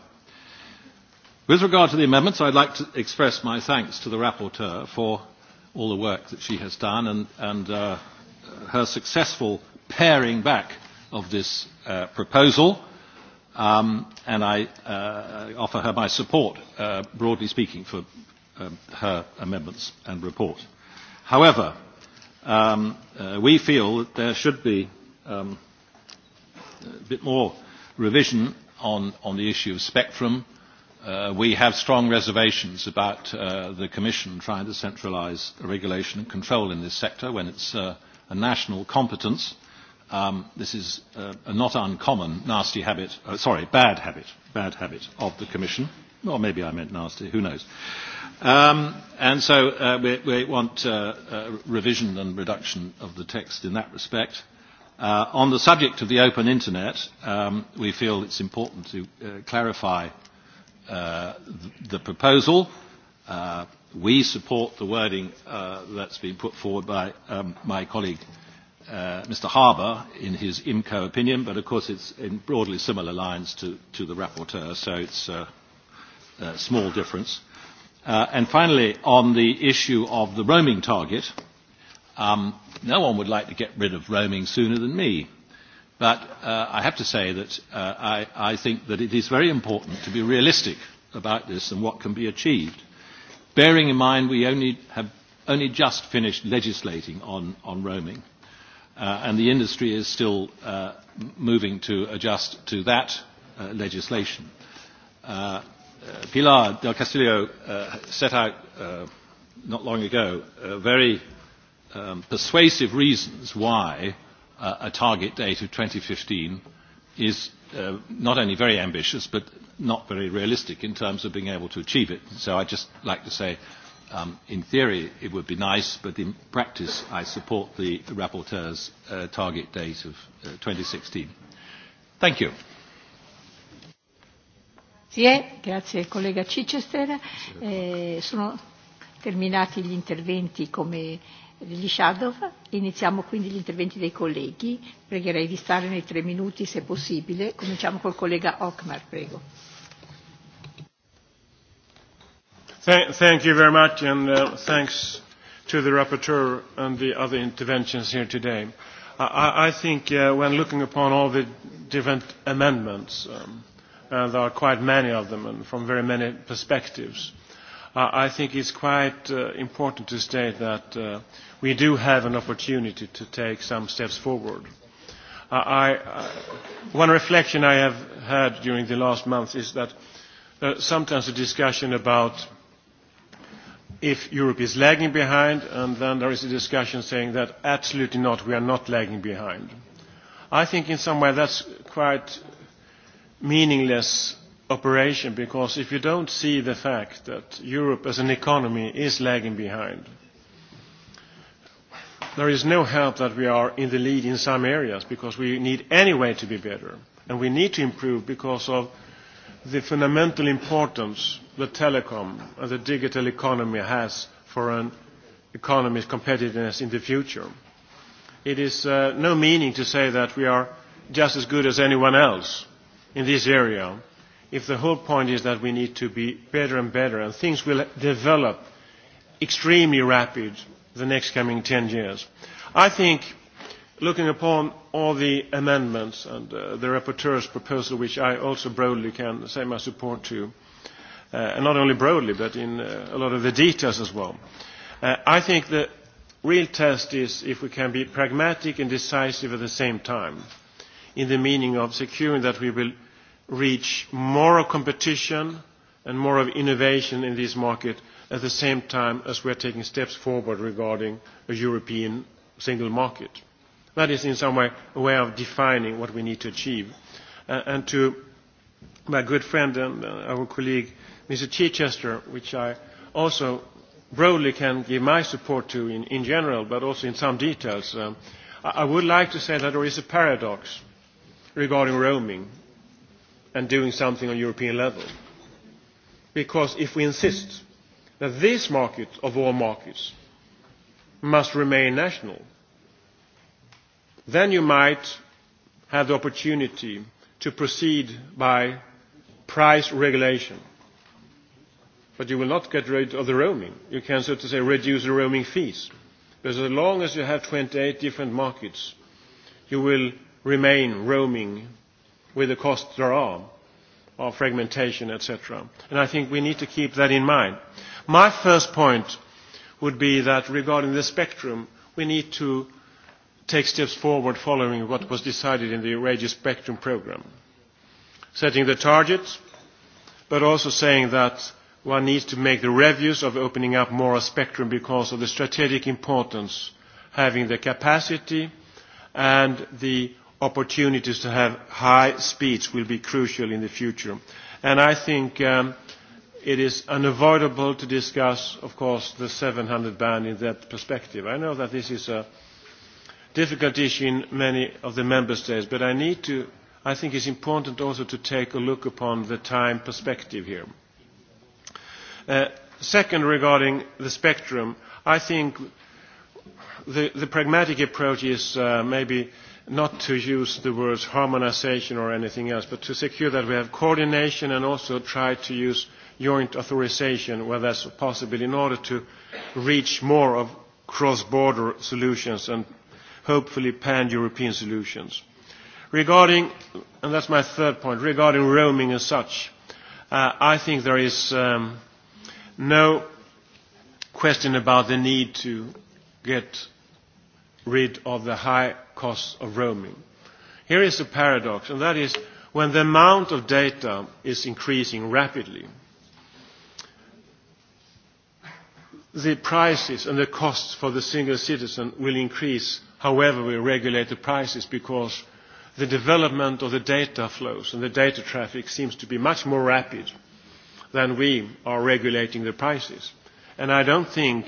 With regard to the amendments, I'd like to express my thanks to the rapporteur for all the work that she has done and, and uh, her successful paring back of this uh, proposal. Um, and I uh, offer her my support, uh, broadly speaking, for, um, her amendments and report. However, um, uh, we feel that there should be um, a bit more revision on, on the issue of spectrum. Uh, we have strong reservations about uh, the Commission trying to centralise regulation and control in this sector when it's uh, a national competence. Um, this is uh, a not uncommon nasty habit, uh, sorry, bad habit, bad habit of the Commission. Or maybe I meant nasty, who knows. Um, and so uh, we, we want uh, uh, revision and reduction of the text in that respect. Uh, on the subject of the open internet, um, we feel it's important to uh, clarify uh, th the proposal. Uh, we support the wording uh, that's been put forward by um, my colleague, uh, Mr. Harbour, in his IMCO opinion, but of course it's in broadly similar lines to, to the rapporteur, so it's uh, uh, small difference. Uh, and finally, on the issue of the roaming target, um, no one would like to get rid of roaming sooner than me. But uh, I have to say that uh, I, I think that it is very important to be realistic about this and what can be achieved, bearing in mind we only have only just finished legislating on, on roaming, uh, and the industry is still uh, moving to adjust to that uh, legislation. Uh, Uh, Pilar del Castillo uh, set out uh, not long ago uh, very um, persuasive reasons why uh, a target date of 2015 is uh, not only very ambitious but not very realistic in terms of being able to achieve it. So I'd just like to say um, in theory it would be nice, but in practice I support the, the rapporteur's uh, target date of uh, 2016. Thank you. Grazie, grazie collega Cicester. Eh, sono terminati gli interventi come degli shadow. Iniziamo quindi gli interventi dei colleghi. Pregherei di stare nei tre minuti se possibile. Cominciamo col collega Ockmar, prego. Thank, thank you very much and uh, thanks to the rapporteur and the other interventions here today. I, I think uh, when looking upon all the different amendments, um, and uh, there are quite many of them and from very many perspectives. Uh, I think it's quite uh, important to state that uh, we do have an opportunity to take some steps forward. Uh, I, uh, one reflection I have had during the last month is that uh, sometimes a discussion about if Europe is lagging behind, and then there is a discussion saying that absolutely not, we are not lagging behind. I think in some way that's quite meaningless operation because if you don't see the fact that Europe as an economy is lagging behind, there is no help that we are in the lead in some areas because we need any way to be better. And we need to improve because of the fundamental importance the telecom and the digital economy has for an economy's competitiveness in the future. It is uh, no meaning to say that we are just as good as anyone else in this area if the whole point is that we need to be better and better and things will develop extremely rapid the next coming 10 years. I think looking upon all the amendments and uh, the rapporteur's proposal which I also broadly can say my support to uh, and not only broadly but in uh, a lot of the details as well. Uh, I think the real test is if we can be pragmatic and decisive at the same time in the meaning of securing that we will reach more of competition and more of innovation in this market at the same time as we are taking steps forward regarding a European single market. That is in some way a way of defining what we need to achieve. Uh, and to my good friend and uh, our colleague, Mr. Chichester, which I also broadly can give my support to in, in general, but also in some details, um, I, I would like to say that there is a paradox regarding roaming and doing something on European level. Because if we insist that this market of all markets must remain national, then you might have the opportunity to proceed by price regulation. But you will not get rid of the roaming. You can, so to say, reduce the roaming fees. Because as long as you have 28 different markets, you will remain roaming with the costs there are of fragmentation, etc. And I think we need to keep that in mind. My first point would be that regarding the spectrum, we need to take steps forward following what was decided in the radio spectrum program, setting the targets, but also saying that one needs to make the reviews of opening up more spectrum because of the strategic importance having the capacity and the opportunities to have high speeds will be crucial in the future. And I think um, it is unavoidable to discuss, of course, the 700 ban in that perspective. I know that this is a difficult issue in many of the member states, but I, need to, I think it's important also to take a look upon the time perspective here. Uh, second, regarding the spectrum, I think the, the pragmatic approach is uh, maybe – not to use the words harmonization or anything else, but to secure that we have coordination and also try to use joint authorization where that's possible in order to reach more of cross-border solutions and hopefully pan-European solutions. Regarding, and that's my third point, regarding roaming as such, uh, I think there is um, no question about the need to get rid of the high costs of roaming. Here is a paradox, and that is when the amount of data is increasing rapidly, the prices and the costs for the single citizen will increase however we regulate the prices because the development of the data flows and the data traffic seems to be much more rapid than we are regulating the prices. And I don't think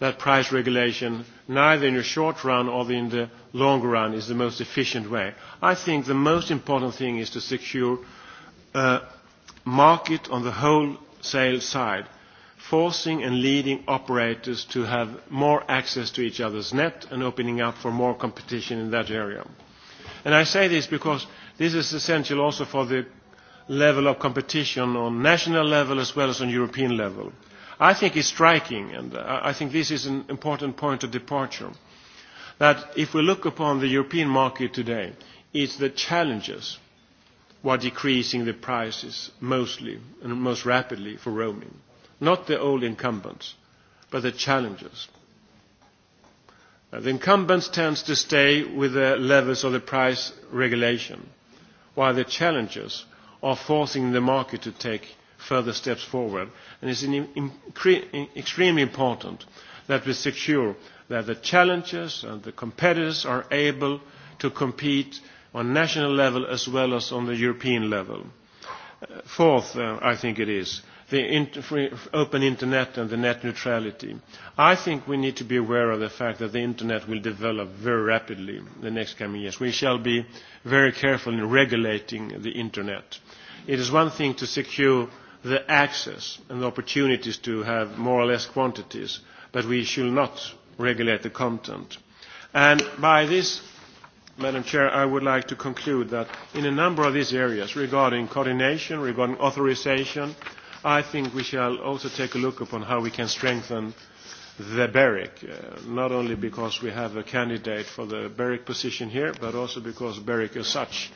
that price regulation, neither in the short run or in the long run, is the most efficient way. I think the most important thing is to secure a market on the wholesale side, forcing and leading operators to have more access to each other's net and opening up for more competition in that area. And I say this because this is essential also for the level of competition on national level as well as on European level. I think is striking, and I think this is an important point of departure, that if we look upon the European market today, it's the challenges who are decreasing the prices mostly and most rapidly for roaming. Not the old incumbents, but the challengers. Uh, the incumbents tends to stay with the levels of the price regulation, while the challengers are forcing the market to take further steps forward. And it's in, in, extremely important that we secure that the challengers and the competitors are able to compete on national level as well as on the European level. Uh, fourth, uh, I think it is, the inter open internet and the net neutrality. I think we need to be aware of the fact that the internet will develop very rapidly in the next coming years. We shall be very careful in regulating the internet. It is one thing to secure the access and the opportunities to have more or less quantities, but we should not regulate the content. And by this, Madam Chair, I would like to conclude that in a number of these areas regarding coordination, regarding authorization, I think we shall also take a look upon how we can strengthen the BEREC, uh, not only because we have a candidate for the BEREC position here, but also because BEREC as such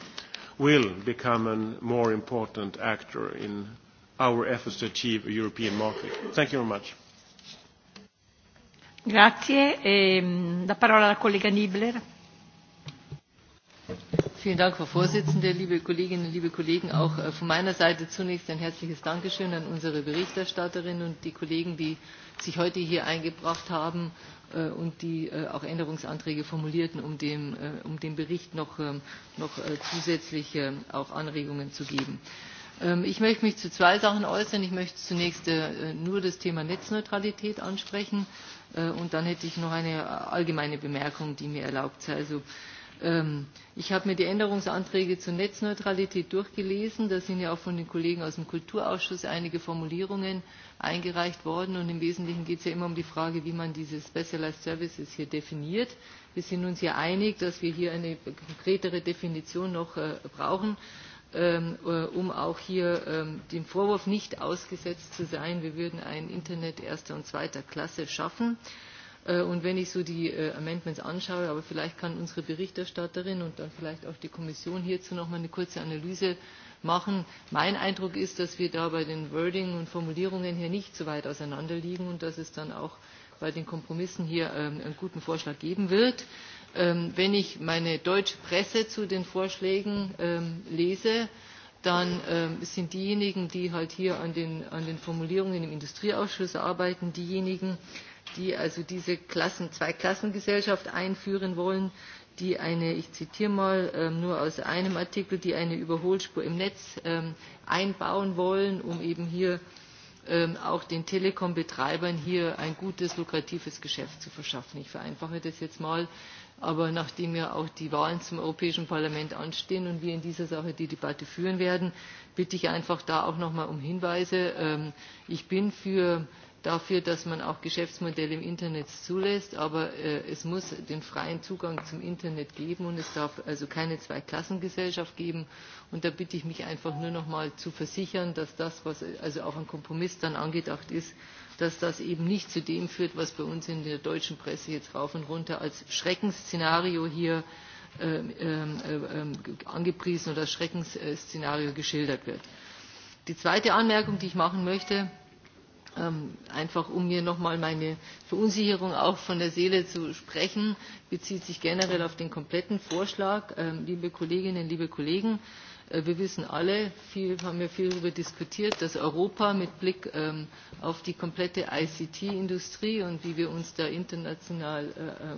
will become a more important actor in our efforts to achieve a European market. Thank you very much. Grazie. E, parola alla collega Nibler. Vielen Dank, Frau Vorsitzende, liebe Kolleginnen, liebe Kollegen. Auch äh, von meiner Seite zunächst ein herzliches Dankeschön an unsere Berichterstatterin und die Kollegen, die sich heute hier eingebracht haben äh, und die äh, auch Änderungsanträge formulierten, um dem, um dem Bericht noch, ähm, noch zusätzliche ähm, auch Anregungen zu geben. Ähm, ich möchte mich zu zwei Sachen äußern. Ich möchte zunächst äh, nur das Thema Netzneutralität ansprechen äh, und dann hätte ich noch eine äh, allgemeine Bemerkung, die mir erlaubt sei. Also, ähm, ich habe mir die Änderungsanträge zur Netzneutralität durchgelesen. Da sind ja auch von den Kollegen aus dem Kulturausschuss einige Formulierungen eingereicht worden. Und im Wesentlichen geht es ja immer um die Frage, wie man diese Specialized Services hier definiert. Wir sind uns ja einig, dass wir hier eine konkretere Definition noch brauchen. Ähm, äh, um auch hier ähm, dem Vorwurf nicht ausgesetzt zu sein, wir würden ein Internet erster und zweiter Klasse schaffen. Äh, und wenn ich so die äh, Amendments anschaue, aber vielleicht kann unsere Berichterstatterin und dann vielleicht auch die Kommission hierzu noch mal eine kurze Analyse machen. Mein Eindruck ist, dass wir da bei den Wording und Formulierungen hier nicht so weit auseinander liegen und dass es dann auch bei den Kompromissen hier ähm, einen guten Vorschlag geben wird. Ähm, wenn ich meine deutsche Presse zu den Vorschlägen ähm, lese, dann ähm, sind diejenigen, die halt hier an den, an den Formulierungen im Industrieausschuss arbeiten, diejenigen, die also diese Klassen, Zweiklassengesellschaft einführen wollen, die eine, ich zitiere mal ähm, nur aus einem Artikel, die eine Überholspur im Netz ähm, einbauen wollen, um eben hier Ähm, auch den Telekom-Betreibern hier ein gutes, lukratives Geschäft zu verschaffen. Ich vereinfache das jetzt mal, aber nachdem ja auch die Wahlen zum Europäischen Parlament anstehen und wir in dieser Sache die Debatte führen werden, bitte ich einfach da auch noch einmal um Hinweise. Ähm, ich bin für dafür, dass man auch Geschäftsmodelle im Internet zulässt, aber äh, es muss den freien Zugang zum Internet geben und es darf also keine Zweiklassengesellschaft geben. Und da bitte ich mich einfach nur noch mal zu versichern, dass das, was also auch ein Kompromiss dann angedacht ist, dass das eben nicht zu dem führt, was bei uns in der deutschen Presse jetzt rauf und runter als Schreckensszenario hier äh, äh, äh, angepriesen oder Schreckensszenario geschildert wird. Die zweite Anmerkung, die ich machen möchte, ähm, einfach um mir nochmal meine Verunsicherung auch von der Seele zu sprechen, bezieht sich generell auf den kompletten Vorschlag. Ähm, liebe Kolleginnen, liebe Kollegen, äh, wir wissen alle, viel, haben wir viel darüber diskutiert, dass Europa mit Blick ähm, auf die komplette ICT-Industrie und wie wir uns da international äh, äh,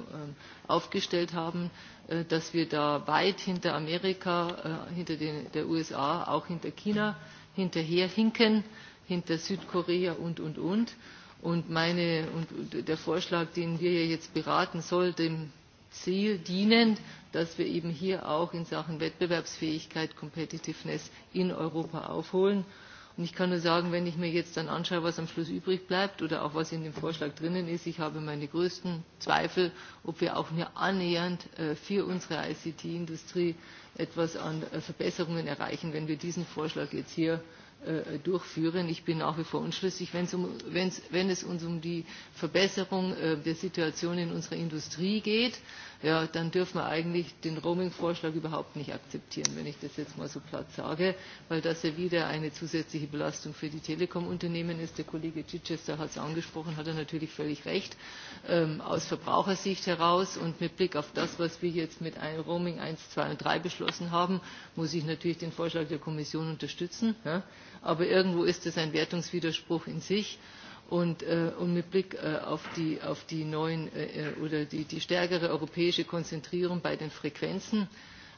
aufgestellt haben, äh, dass wir da weit hinter Amerika, äh, hinter den, der USA, auch hinter China hinterherhinken. hinken hinter Südkorea und, und, und. Und, meine, und der Vorschlag, den wir ja jetzt beraten soll, dem Ziel dienen, dass wir eben hier auch in Sachen Wettbewerbsfähigkeit, Competitiveness in Europa aufholen. Und ich kann nur sagen, wenn ich mir jetzt dann anschaue, was am Schluss übrig bleibt oder auch was in dem Vorschlag drinnen ist, ich habe meine größten Zweifel, ob wir auch nur annähernd äh, für unsere ICT-Industrie etwas an äh, Verbesserungen erreichen, wenn wir diesen Vorschlag jetzt hier Äh, durchführen. Ich bin nach wie vor unschlüssig, es, um, es, wenn es uns um die Verbesserung äh, der Situation in unserer Industrie geht, ja, dann dürfen wir eigentlich den Roaming-Vorschlag überhaupt nicht akzeptieren, wenn ich das jetzt mal so platt sage, weil das ja wieder eine zusätzliche Belastung für die Telekom-Unternehmen ist. Der Kollege Chichester hat es angesprochen, hat er natürlich völlig recht, ähm, aus Verbrauchersicht heraus und mit Blick auf das, was wir jetzt mit einem Roaming 1, 2 und 3 beschlossen haben, muss ich natürlich den Vorschlag der Kommission unterstützen. Ja aber irgendwo ist es ein Wertungswiderspruch in sich. Und, äh, und mit Blick äh, auf, die, auf die neuen äh, äh, oder die, die stärkere europäische Konzentrierung bei den Frequenzen,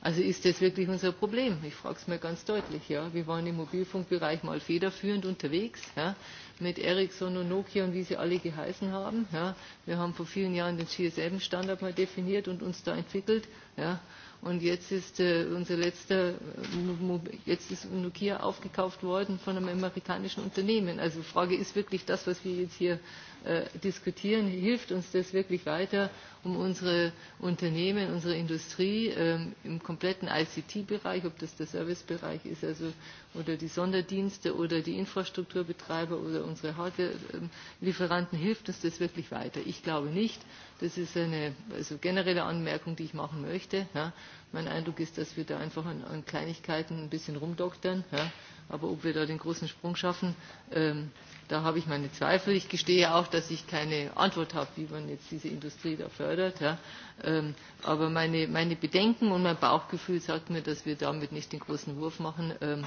also ist das wirklich unser Problem. Ich frage es mir ganz deutlich. Ja. Wir waren im Mobilfunkbereich mal federführend unterwegs ja, mit Ericsson und Nokia und wie sie alle geheißen haben. Ja. Wir haben vor vielen Jahren den GSM-Standard mal definiert und uns da entwickelt. Ja. Und jetzt ist äh, unser letzter, äh, jetzt ist Nokia aufgekauft worden von einem amerikanischen Unternehmen. Also die Frage ist wirklich das, was wir jetzt hier Äh, diskutieren, hilft uns das wirklich weiter, um unsere Unternehmen, unsere Industrie ähm, im kompletten ICT-Bereich, ob das der Servicebereich ist, also oder die Sonderdienste oder die Infrastrukturbetreiber oder unsere Hardware-Lieferanten, hilft uns das wirklich weiter? Ich glaube nicht. Das ist eine also generelle Anmerkung, die ich machen möchte. Ja. Mein Eindruck ist, dass wir da einfach an, an Kleinigkeiten ein bisschen rumdoktern, ja. aber ob wir da den großen Sprung schaffen, ähm, Da habe ich meine Zweifel. Ich gestehe auch, dass ich keine Antwort habe, wie man jetzt diese Industrie da fördert. Ja. Ähm, aber meine, meine Bedenken und mein Bauchgefühl sagt mir, dass wir damit nicht den großen Wurf machen. Ähm,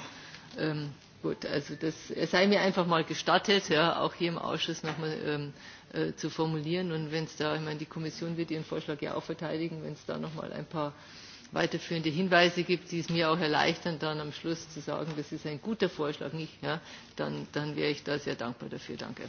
ähm, gut, also das es er sei mir einfach mal gestattet, ja, auch hier im Ausschuss nochmal ähm, äh, zu formulieren. Und wenn es da, ich meine, die Kommission wird ihren Vorschlag ja auch verteidigen, wenn es da nochmal ein paar weiterführende Hinweise gibt, die es mir auch erleichtern, dann am Schluss zu sagen, das ist ein guter Vorschlag, nicht, ja, dann, dann wäre ich da sehr dankbar dafür. Danke.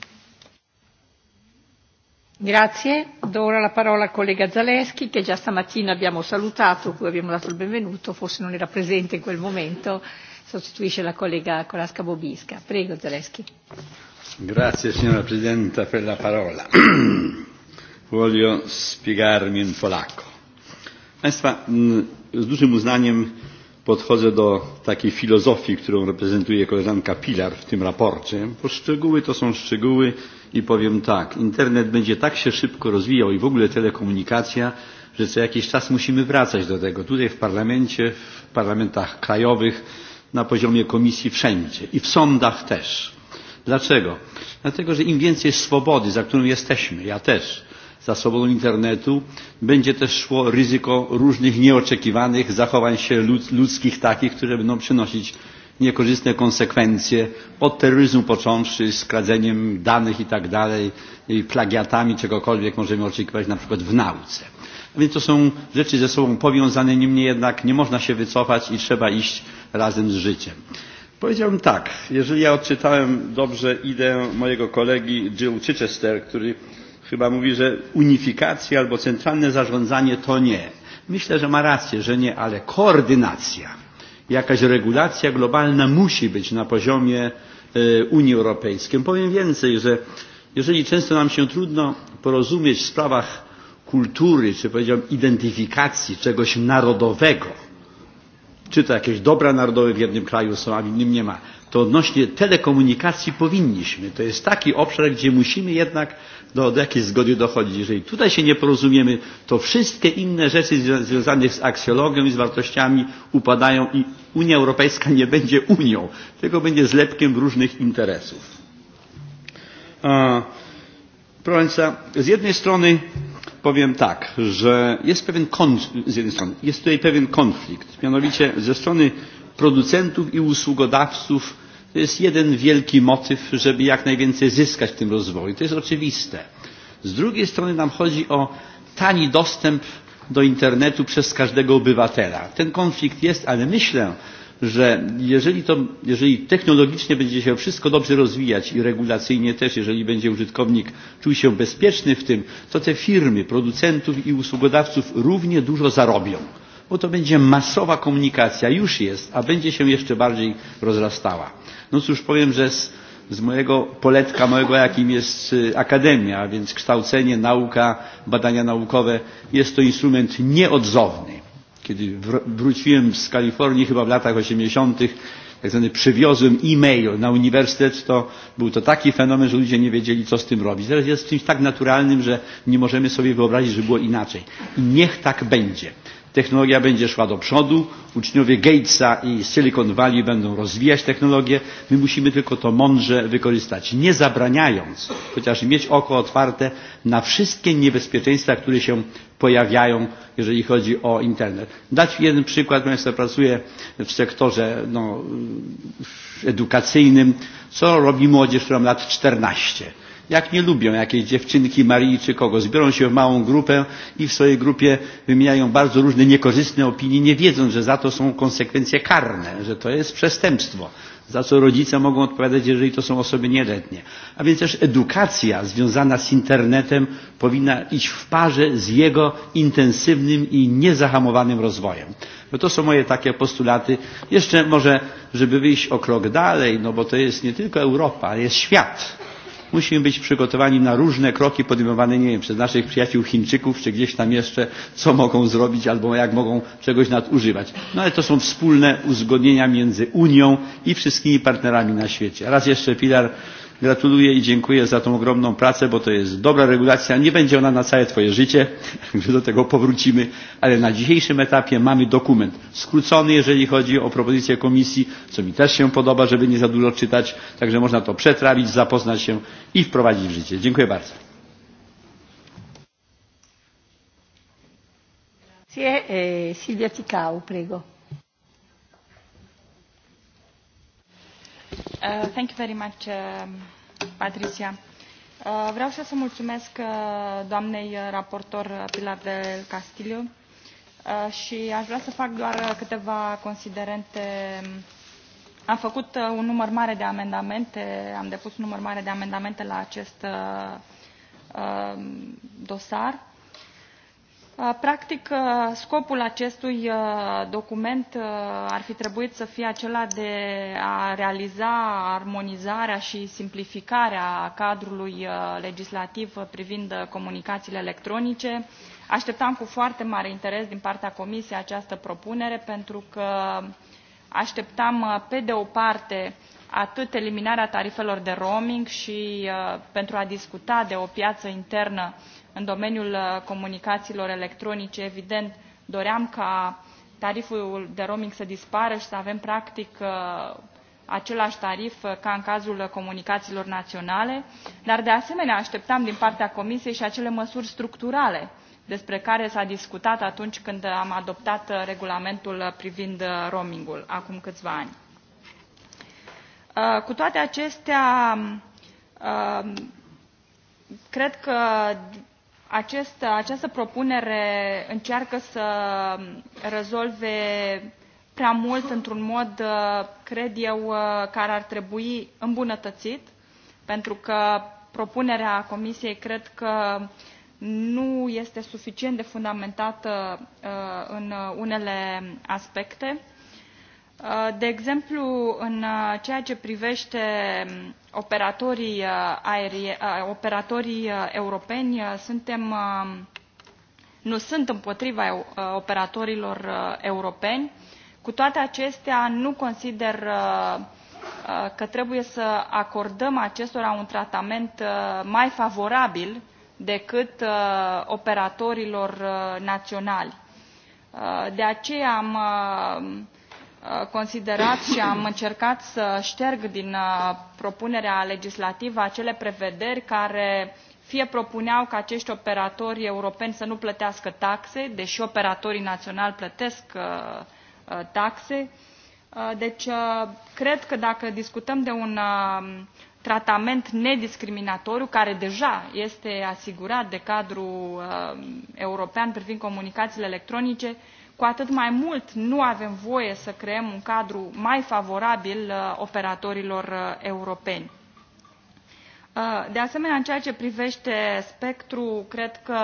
Grazie. Do ora la parola al collega Zaleschi che già stamattina abbiamo salutato, cui abbiamo dato il benvenuto, forse non era presente in quel momento, sostituisce la collega Colasca Bobisca. Prego Zaleschi. Grazie signora Presidente per la parola. Voglio spiegarmi in polacco. Państwa, mm, z dużym uznaniem podchodzę do takiej filozofii, którą reprezentuje koleżanka Pilar w tym raporcie, bo szczegóły to są szczegóły i powiem tak, internet będzie tak się szybko rozwijał i w ogóle telekomunikacja, że co jakiś czas musimy wracać do tego. Tutaj w parlamencie, w parlamentach krajowych, na poziomie komisji wszędzie i w sądach też. Dlaczego? Dlatego, że im więcej swobody, za którą jesteśmy, ja też, za sobą internetu, będzie też szło ryzyko różnych nieoczekiwanych zachowań się lud ludzkich takich, które będą przynosić niekorzystne konsekwencje od terroryzmu począwszy z kradzeniem danych i tak dalej, i plagiatami czegokolwiek możemy oczekiwać na przykład w nauce. A więc to są rzeczy ze sobą powiązane, niemniej jednak nie można się wycofać i trzeba iść razem z życiem. Powiedziałbym tak, jeżeli ja odczytałem dobrze ideę mojego kolegi Jill Chichester, który chyba mówi, że unifikacja albo centralne zarządzanie to nie. Myślę, że ma rację, że nie, ale koordynacja, jakaś regulacja globalna musi być na poziomie e, Unii Europejskiej. Powiem więcej, że jeżeli często nam się trudno porozumieć w sprawach kultury, czy powiedziałbym identyfikacji czegoś narodowego, czy to jakieś dobra narodowe w jednym kraju są, a w innym nie ma. To odnośnie telekomunikacji powinniśmy. To jest taki obszar, gdzie musimy jednak do, do jakiejś zgody dochodzić. Jeżeli tutaj się nie porozumiemy, to wszystkie inne rzeczy związane z aksjologią i z wartościami upadają i Unia Europejska nie będzie Unią, tylko będzie zlepkiem różnych interesów. Proszę Państwa, z jednej strony powiem tak, że jest pewien konflikt, z jednej strony, jest tutaj pewien konflikt, mianowicie ze strony producentów i usługodawców to jest jeden wielki motyw, żeby jak najwięcej zyskać w tym rozwoju. To jest oczywiste. Z drugiej strony nam chodzi o tani dostęp do internetu przez każdego obywatela. Ten konflikt jest, ale myślę, że jeżeli, to, jeżeli technologicznie będzie się wszystko dobrze rozwijać i regulacyjnie też, jeżeli będzie użytkownik czuł się bezpieczny w tym, to te firmy, producentów i usługodawców równie dużo zarobią bo to będzie masowa komunikacja, już jest, a będzie się jeszcze bardziej rozrastała. No cóż, powiem, że z, z mojego poletka, mojego jakim jest akademia, więc kształcenie, nauka, badania naukowe, jest to instrument nieodzowny Kiedy wróciłem z Kalifornii chyba w latach 80., tak zwany przywiozłem e-mail na uniwersytet, to był to taki fenomen, że ludzie nie wiedzieli, co z tym robić. Teraz jest czymś tak naturalnym, że nie możemy sobie wyobrazić, że było inaczej. I niech tak będzie. Technologia będzie szła do przodu, uczniowie Gatesa i Silicon Valley będą rozwijać technologię, my musimy tylko to mądrze wykorzystać, nie zabraniając, chociaż mieć oko otwarte na wszystkie niebezpieczeństwa, które się pojawiają, jeżeli chodzi o internet. Dać jeden przykład, ja pracuję w sektorze no, edukacyjnym, co robi młodzież, która ma lat 14 jak nie lubią jakiejś dziewczynki, Marii czy kogoś. Biorą się w małą grupę i w swojej grupie wymieniają bardzo różne niekorzystne opinie, nie wiedząc, że za to są konsekwencje karne, że to jest przestępstwo za co rodzice mogą odpowiadać, jeżeli to są osoby nieletnie. A więc też edukacja związana z internetem powinna iść w parze z jego intensywnym i niezahamowanym rozwojem. No to są moje takie postulaty. Jeszcze może, żeby wyjść o krok dalej, no bo to jest nie tylko Europa, ale jest świat musimy być przygotowani na różne kroki podejmowane, nie wiem, przez naszych przyjaciół Chińczyków, czy gdzieś tam jeszcze, co mogą zrobić, albo jak mogą czegoś nadużywać. No ale to są wspólne uzgodnienia między Unią i wszystkimi partnerami na świecie. Raz jeszcze filar Gratuluję i dziękuję za tą ogromną pracę, bo to jest dobra regulacja. Nie będzie ona na całe Twoje życie, gdy do tego powrócimy, ale na dzisiejszym etapie mamy dokument skrócony, jeżeli chodzi o propozycję komisji, co mi też się podoba, żeby nie za dużo czytać, także można to przetrawić, zapoznać się i wprowadzić w życie. Dziękuję bardzo. Eh, Silvia Ticau, prego. Uh, thank you very much, uh, Patricia. Uh, vreau să mulțumesc uh, doamnei uh, raportor uh, Pilar del Castillo uh, și aș vrea să fac doar uh, câteva considerente. Am făcut uh, un număr mare de amendamente, am depus un număr mare de amendamente la acest uh, uh, dosar. Uh, Uh, practic, uh, scopul acestui uh, document ar fi trebuit să fie acela de a realiza armonizarea și simplificarea cadrului legislativ privind comunicațiile electronice. Așteptam cu foarte mare interes din partea Comisiei această propunere pentru că așteptam pe de o parte atât eliminarea tarifelor de roaming și pentru a discuta de o piață internă uh, în domeniul uh, comunicațiilor electronice, evident, doream ca tariful de roaming să dispară și să avem practic uh, același tarif uh, ca în cazul comunicațiilor naționale, dar de asemenea așteptam din partea Comisiei și acele măsuri structurale despre care s-a discutat atunci când am adoptat regulamentul privind roamingul, acum câțiva ani. Cu toate acestea, um, cred că Acest, această propunere încearcă să rezolve prea mult într-un mod, uh, cred eu, uh, care ar trebui îmbunătățit, pentru că propunerea Comisiei cred că nu este suficient de fundamentată uh, în unele aspecte. Uh, de exemplu, în uh, ceea ce privește um, operatorii, uh, aerie, operatorii europeni, suntem, nu sunt împotriva operatorilor europeni. Cu toate acestea, nu consider că trebuie să acordăm acestora un tratament mai favorabil decât operatorilor naționali. De aceea am Uh, considerat și am încercat să șterg din uh, propunerea legislativă acele prevederi care fie propuneau ca acești operatori europeni să nu plătească taxe, deși operatorii naționali plătesc uh, taxe. Deci, cred că dacă discutăm de un um, tratament nediscriminatoriu, care deja este asigurat de cadrul um, european privind comunicațiile electronice, Cu atât mai mult nu avem voie să creăm un cadru mai favorabil uh, operatorilor uh, europeni. Uh, de asemenea, în ceea ce privește spectru, cred că,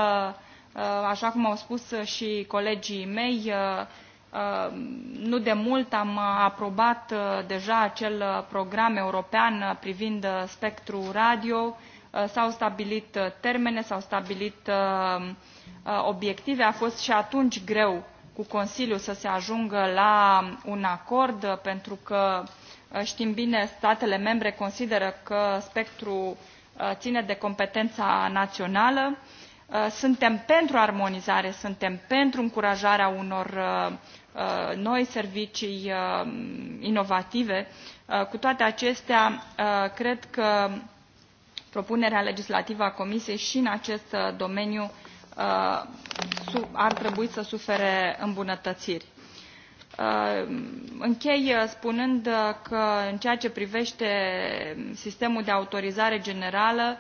așa cum au spus și colegii mei, nu de mult am aprobat deja acel program european privind spectru radio, s-au stabilit termene, s-au stabilit obiective, a fost și atunci greu cu Consiliul să se ajungă la un acord, pentru că uh, știm bine, statele membre consideră că spectrul uh, ține de competența națională. Uh, suntem pentru armonizare, suntem pentru încurajarea unor noi servicii inovative. Cu toate acestea, cred că propunerea legislativă a Comisiei și în acest domeniu Uh, ar trebui să sufere îmbunătățiri. Uh, închei uh, spunând că în ceea ce privește sistemul de autorizare generală,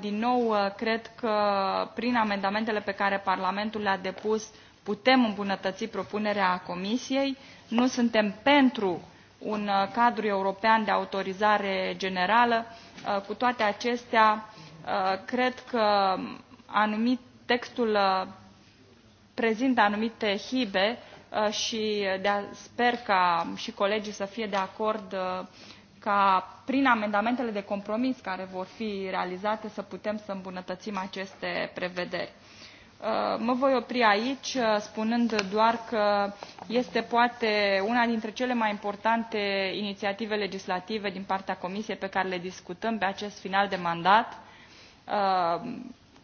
din nou cred că prin amendamentele pe care Parlamentul le-a depus putem îmbunătăți propunerea Comisiei. Nu suntem pentru un cadru european de autorizare generală. Cu toate acestea, cred că anumit textul uh, prezintă anumite hibe uh, și uh, de a, sper ca și colegii să fie de acord ca prin amendamentele de compromis care vor fi realizate să putem să îmbunătățim aceste prevederi. Mă voi opri aici spunând doar că este poate una dintre cele mai importante inițiative legislative din partea Comisiei pe care le discutăm pe acest final de mandat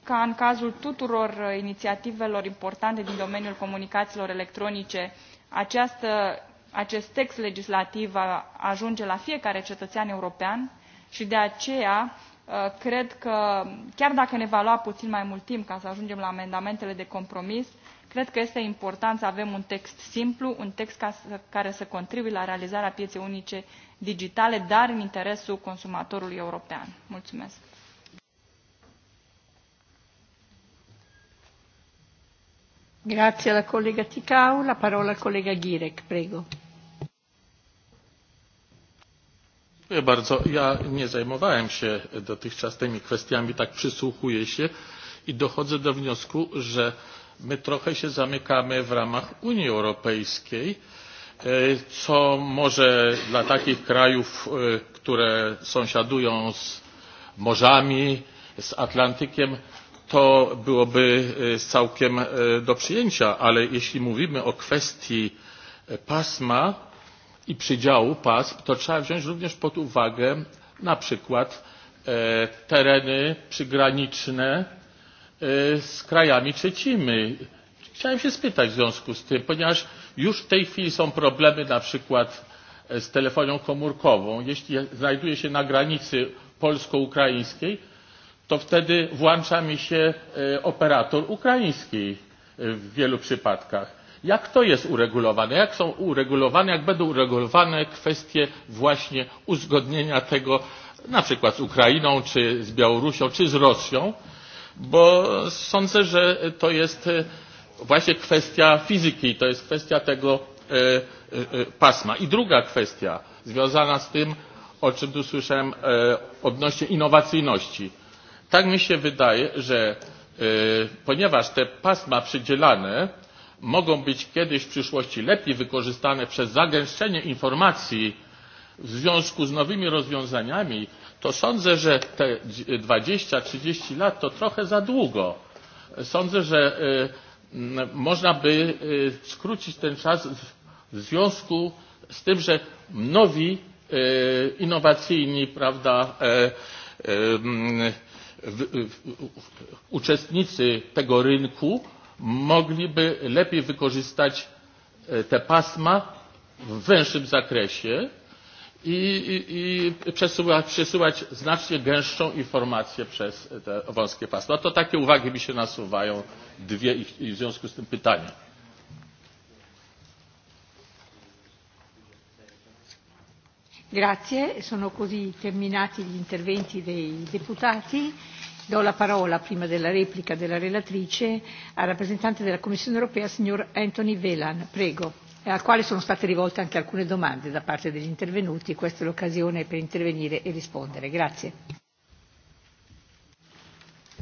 ca în cazul tuturor uh, inițiativelor importante din domeniul comunicațiilor electronice, această, acest text legislativ ajunge la fiecare cetățean european și de aceea uh, cred că, chiar dacă ne va lua puțin mai mult timp ca să ajungem la amendamentele de compromis, cred că este important să avem un text simplu, un text ca să, care să contribuie la realizarea pieței unice digitale, dar în interesul consumatorului european. Mulțumesc! Grazie alla collega Ticau. La parola al collega Girek, prego. Dziękuję bardzo. Ja nie zajmowałem się dotychczas tymi kwestiami, tak przysłuchuję się i dochodzę do wniosku, że my trochę się zamykamy w ramach Unii Europejskiej, e, co może dla takich krajów, e, które sąsiadują z morzami, z Atlantykiem, to byłoby e, całkiem e, do przyjęcia, ale jeśli mówimy o kwestii e, pasma i przydziału pasm, to trzeba wziąć również pod uwagę na przykład tereny przygraniczne z krajami trzecimi. Chciałem się spytać w związku z tym, ponieważ już w tej chwili są problemy na przykład z telefonią komórkową. Jeśli znajduje się na granicy polsko-ukraińskiej, to wtedy włącza mi się e, operator ukraiński e, w wielu przypadkach. Jak to jest uregulowane? Jak są uregulowane, jak będą uregulowane kwestie właśnie uzgodnienia tego na przykład z Ukrainą, czy z Białorusią, czy z Rosją? Bo sądzę, że to jest e, właśnie kwestia fizyki, to jest kwestia tego pasma. I druga kwestia związana z tym, o czym tu słyszałem odnośnie innowacyjności Tak mi się wydaje, że y, e, ponieważ te pasma przydzielane mogą być kiedyś w przyszłości lepiej wykorzystane przez zagęszczenie informacji w związku z nowymi rozwiązaniami, to sądzę, że te 20-30 lat to trochę za długo. Sądzę, że y, e, można by e, skrócić ten czas w związku z tym, że nowi innowacyjni, prawda, uczestnicy tego rynku mogliby lepiej wykorzystać e, te pasma w węższym zakresie i, i przesyłać, przesyłać znacznie gęstszą informację przez te wąskie pasma. To takie uwagi mi się nasuwają, dwie i w związku z tym pytania. Grazie, sono così terminati gli interventi dei deputati. Do la parola, prima della replica della relatrice, al rappresentante della Commissione europea, signor Anthony Velan, prego, e al quale sono state rivolte anche alcune domande da parte degli intervenuti. Questa è l'occasione per intervenire e rispondere. Grazie.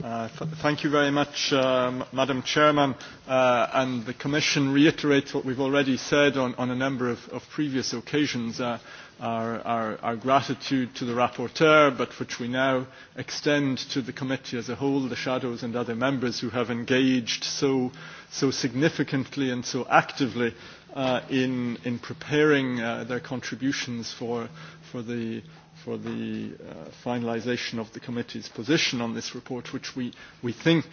Uh, th thank you very much, uh, Madam Chairman, uh, and the Commission reiterates what we've already said on, on a number of, of previous occasions. Uh, our, our, our gratitude to the rapporteur, but which we now extend to the committee as a whole, the shadows and other members who have engaged so, so significantly and so actively uh, in, in preparing uh, their contributions for, for the for the uh, finalisation of the committee's position on this report, which we, we think,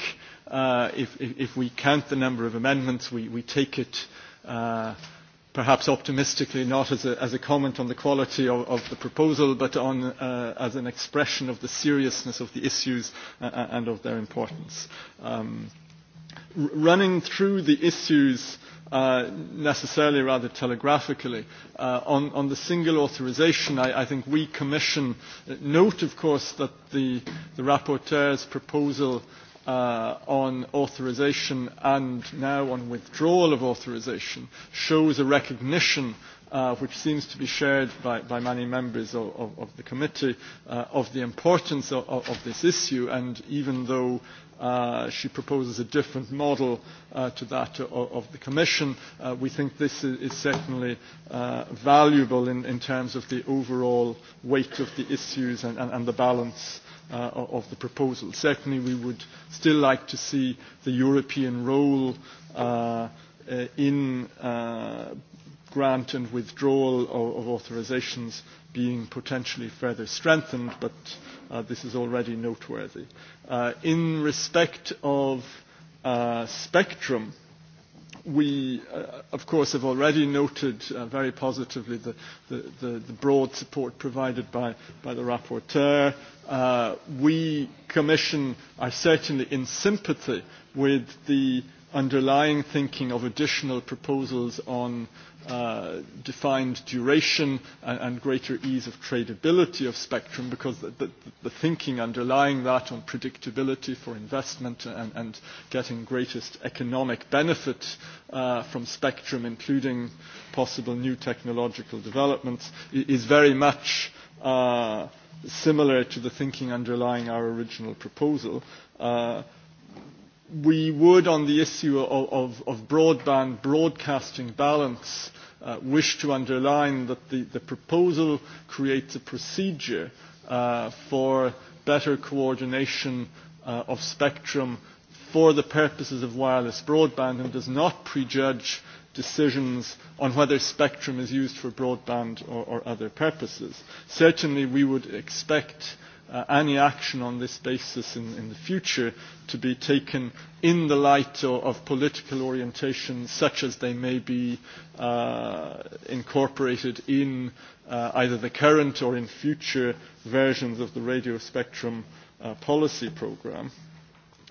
uh, if, if, if we count the number of amendments, we, we take it uh, perhaps optimistically not as a, as a comment on the quality of, of the proposal but on, uh, as an expression of the seriousness of the issues uh, uh and of their importance. Um, running through the issues uh, necessarily rather telegraphically. Uh, on, on the single authorization, I, I think we commission, uh, note of course that the, the rapporteur's proposal uh, uh, on authorization and now on withdrawal of authorization shows a recognition uh, which seems to be shared by, by many members of, of, of the committee uh, of the importance of, of this issue and even though uh, she proposes a different model uh, to that of, of the Commission. Uh, we think this is, is certainly uh, valuable in, in terms of the overall weight of the issues and, and, and the balance uh, of the proposal. Certainly we would still like to see the European role uh, uh in uh, grant and withdrawal of, of authorizations being potentially further strengthened, but uh, this is already noteworthy. Uh, in respect of uh, spectrum, we, uh, of course, have already noted uh, very positively the, the, the, the broad support provided by, by the rapporteur uh, we Commission are certainly in sympathy with the underlying thinking of additional proposals on uh, defined duration and, and greater ease of tradability of spectrum because the, the, the thinking underlying that on predictability for investment and, and getting greatest economic benefit uh, from spectrum including possible new technological developments is very much uh, similar to the thinking underlying our original proposal. Uh, we would, on the issue of, of, of broadband broadcasting balance, uh, wish to underline that the, the proposal creates a procedure uh, for better coordination uh, of spectrum for the purposes of wireless broadband and does not prejudge decisions on whether spectrum is used for broadband or, or other purposes. Certainly we would expect uh, any action on this basis in, in the future to be taken in the light of, of political orientations such as they may be uh, incorporated in uh, either the current or in future versions of the radio spectrum uh, policy programme.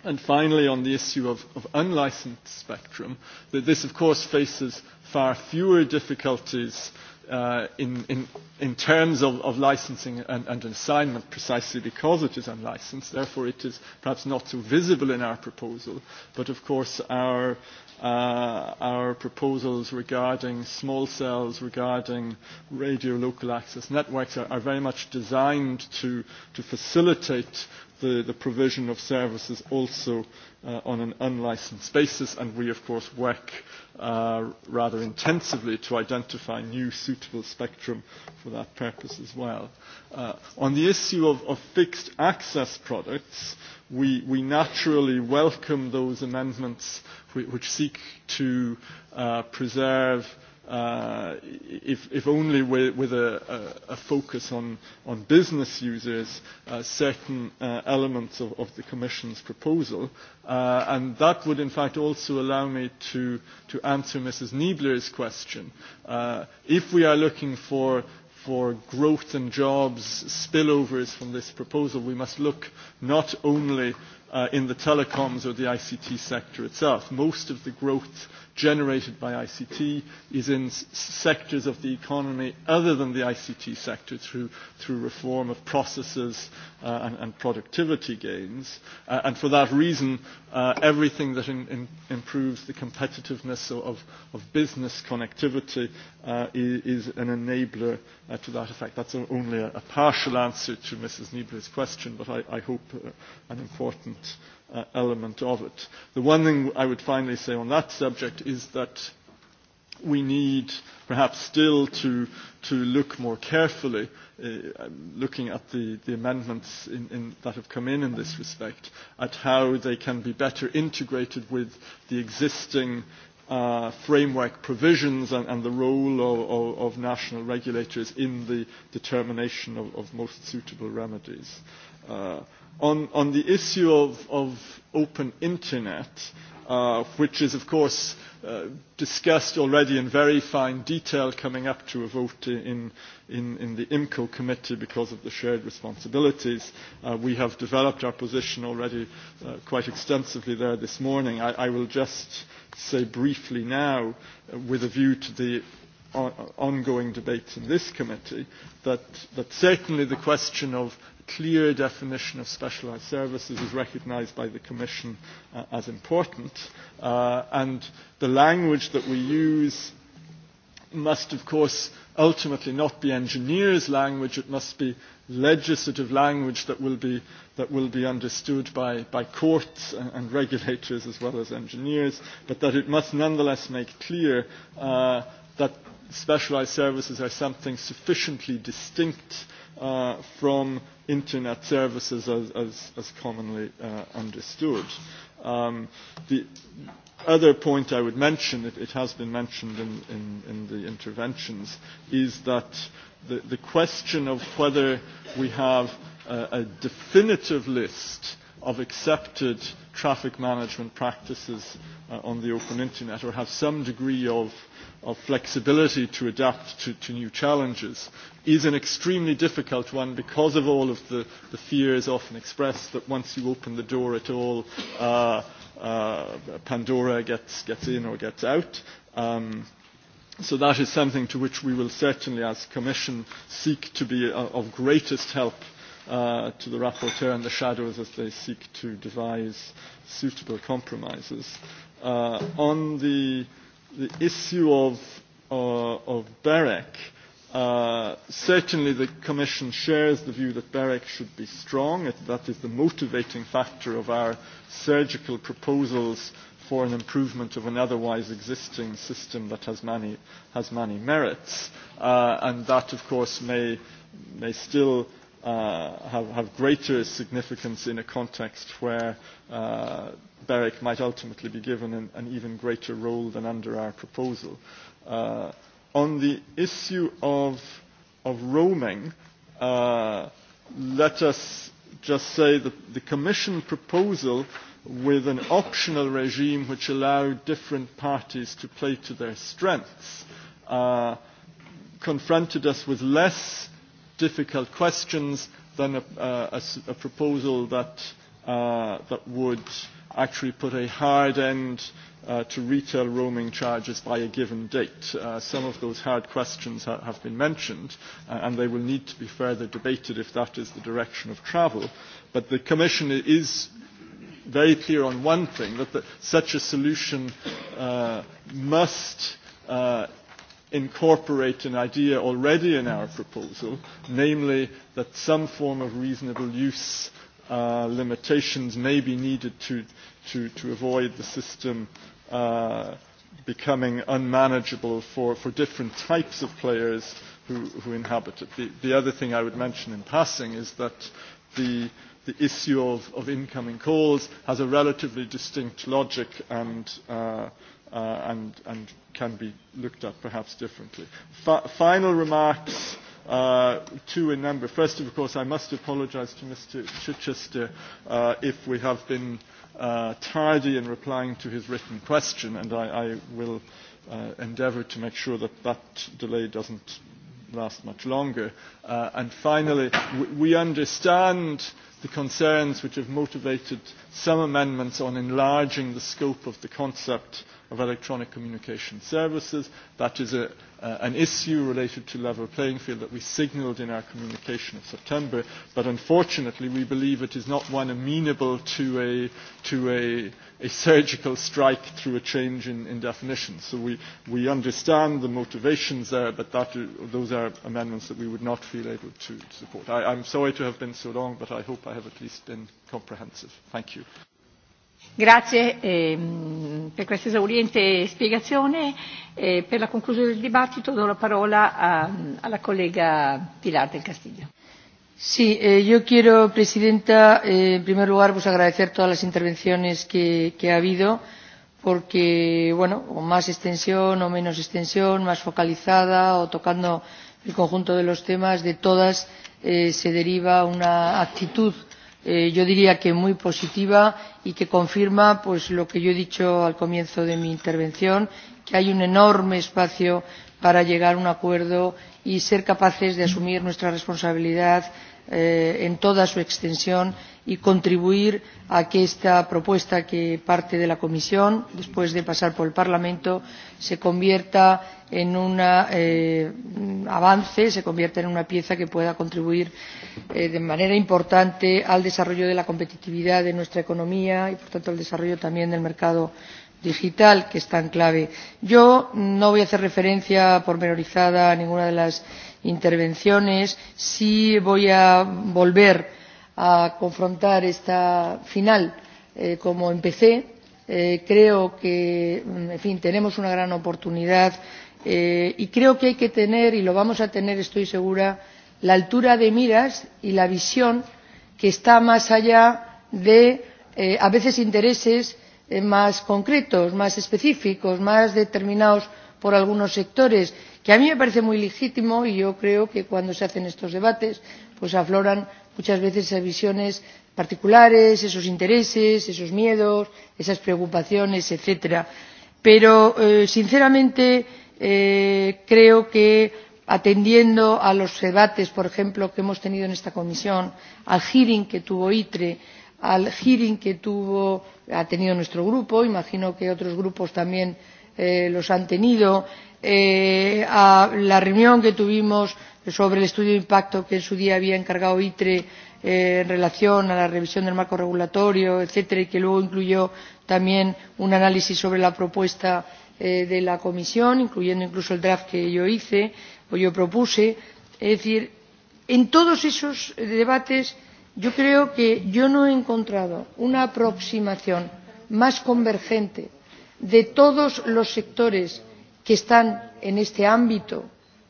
And finally, on the issue of, of unlicensed spectrum, that this, of course, faces far fewer difficulties uh, in, in, in terms of, of licensing and, and assignment precisely because it is unlicensed. Therefore, it is perhaps not so visible in our proposal. But, of course, our, uh, our proposals regarding small cells, regarding radio local access networks are, are very much designed to, to facilitate the, the provision of services also uh, on an unlicensed basis, and we, of course, work uh, rather intensively to identify new suitable spectrum for that purpose as well. Uh, on the issue of, of fixed access products, we, we naturally welcome those amendments which, which seek to uh, preserve Uh, if, if only with, with a, a, a focus on, on business users, uh, certain uh, elements of, of the Commission's proposal. Uh, and that would in fact also allow me to, to answer Mrs. Niebler's question. Uh, if we are looking for for growth and jobs spillovers from this proposal, we must look not only uh, in the telecoms or the ICT sector itself. Most of the growth generated by ICT is in sectors of the economy other than the ICT sector through, through reform of processes uh, and, and productivity gains. Uh, and for that reason, uh, everything that in, in improves the competitiveness of, of business connectivity uh, is, is an enabler uh, to that effect. That's a, only a, a partial answer to Mrs. Niebler's question, but I, I hope uh, an important uh, element of it. The one thing I would finally say on that subject is that we need perhaps still to, to look more carefully, uh, um, looking at the, the amendments in, in, that have come in in this respect, at how they can be better integrated with the existing uh, framework provisions and, and the role of, of, of national regulators in the determination of, of most suitable remedies. Uh, on, on the issue of, of open internet, uh, which is of course uh, discussed already in very fine detail coming up to a vote in, in, in the IMCO committee because of the shared responsibilities. Uh, we have developed our position already uh, quite extensively there this morning. I, I will just say briefly now, uh, with a view to the ongoing debates in this committee that, that certainly the question of clear definition of specialised services is recognised by the Commission uh, as important uh, and the language that we use must of course ultimately not be engineers' language, it must be legislative language that will be, that will be understood by, by courts and, and regulators as well as engineers, but that it must nonetheless make clear uh, that specialized services are something sufficiently distinct uh, from internet services as, as, as commonly uh, understood. Um, the other point I would mention, it, it has been mentioned in, in, in the interventions, is that the, the question of whether we have a, a definitive list of accepted traffic management practices uh, on the open internet or have some degree of, of flexibility to adapt to, to new challenges is an extremely difficult one because of all of the, the fears often expressed that once you open the door at all, uh, uh, Pandora gets, gets in or gets out. Um, So that is something to which we will certainly, as Commission, seek to be uh, of greatest help uh, to the rapporteur and the shadows as they seek to devise suitable compromises. Uh, on the, the issue of, uh, of BEREC, uh, certainly the Commission shares the view that BEREC should be strong. It, that is the motivating factor of our surgical proposals for an improvement of an otherwise existing system that has many, has many merits. Uh, and that, of course, may, may still uh, have, have greater significance in a context where uh, BEREC might ultimately be given an, an even greater role than under our proposal. Uh, on the issue of, of roaming, uh, let us just say that the Commission proposal with an optional regime which allowed different parties to play to their strengths uh, confronted us with less difficult questions than a, uh, a, a proposal that, uh, that would actually put a hard end uh, to retail roaming charges by a given date. Uh, some of those hard questions ha have been mentioned, uh, and they will need to be further debated if that is the direction of travel. But the Commission is very clear on one thing, that the, such a solution uh, must uh, incorporate an idea already in our proposal, namely that some form of reasonable use uh, limitations may be needed to, to, to avoid the system uh, becoming unmanageable for, for different types of players who, who inhabit it. The, the other thing I would mention in passing is that the, the issue of, of incoming calls has a relatively distinct logic and uh, uh, and, and can be looked at perhaps differently. F final remarks, uh, two in number. First, of course, I must apologize to Mr. Chichester uh, if we have been uh, tardy in replying to his written question, and I, I will uh, endeavor to make sure that that delay doesn't last much longer. Uh, and finally, we, we understand the concerns which have motivated some amendments on enlarging the scope of the concept of electronic communication services. That is a, uh, an issue related to level playing field that we signalled in our communication of September, but unfortunately we believe it is not one amenable to a, to a, a surgical strike through a change in, in definition. So we, we understand the motivations there, but that, uh, those are amendments that we would not feel able to support. I, I'm sorry to have been so long, but I hope I have at least been comprehensive. Thank you. Grazie eh, per questa esauriente spiegazione. E per la conclusione del dibattito do la parola a, alla collega Pilar del Castillo. Sí, eh, yo quiero, Presidenta, eh, en primer lugar, pues agradecer todas las intervenciones que, que ha habido, porque, bueno, con más extensión o menos extensión, más focalizada o tocando el conjunto de los temas, de todas eh, se deriva una actitud eh, yo diría que muy positiva y que confirma pues, lo que yo he dicho al comienzo de mi intervención, que hay un enorme espacio para llegar a un acuerdo y ser capaces de asumir nuestra responsabilidad eh, en toda su extensión y contribuir a que esta propuesta que parte de la Comisión, después de pasar por el Parlamento, se convierta en un eh, avance, se convierta en una pieza que pueda contribuir eh, de manera importante al desarrollo de la competitividad de nuestra economía y, por tanto, al desarrollo también del mercado digital, que es tan clave. Yo no voy a hacer referencia pormenorizada a ninguna de las intervenciones, sí voy a volver a confrontar esta final eh, como empecé. Eh, creo que, mm, en fin, tenemos una gran oportunidad eh, y creo que hay que tener, y lo vamos a tener, estoy segura, la altura de miras y la visión que está más allá de, eh, a veces, intereses eh, más concretos, más específicos, más determinados por algunos sectores, que a mí me parece muy legítimo y yo creo que cuando se hacen estos debates pues afloran muchas veces esas visiones particulares, esos intereses, esos miedos, esas preocupaciones, etc. Pero, eh, sinceramente, eh, creo que atendiendo a los debates, por ejemplo, que hemos tenido en esta comisión, al hearing que tuvo ITRE, al hearing que tuvo, ha tenido nuestro grupo, imagino que otros grupos también eh, los han tenido, eh, a la reunión que tuvimos sobre el estudio de impacto que en su día había encargado ITRE eh, en relación a la revisión del marco regulatorio, etcétera, y que luego incluyó también un análisis sobre la propuesta eh, de la Comisión, incluyendo incluso el draft que yo hice o yo propuse. Es decir, en todos esos eh, debates yo creo que yo no he encontrado una aproximación más convergente de todos los sectores que están en este ámbito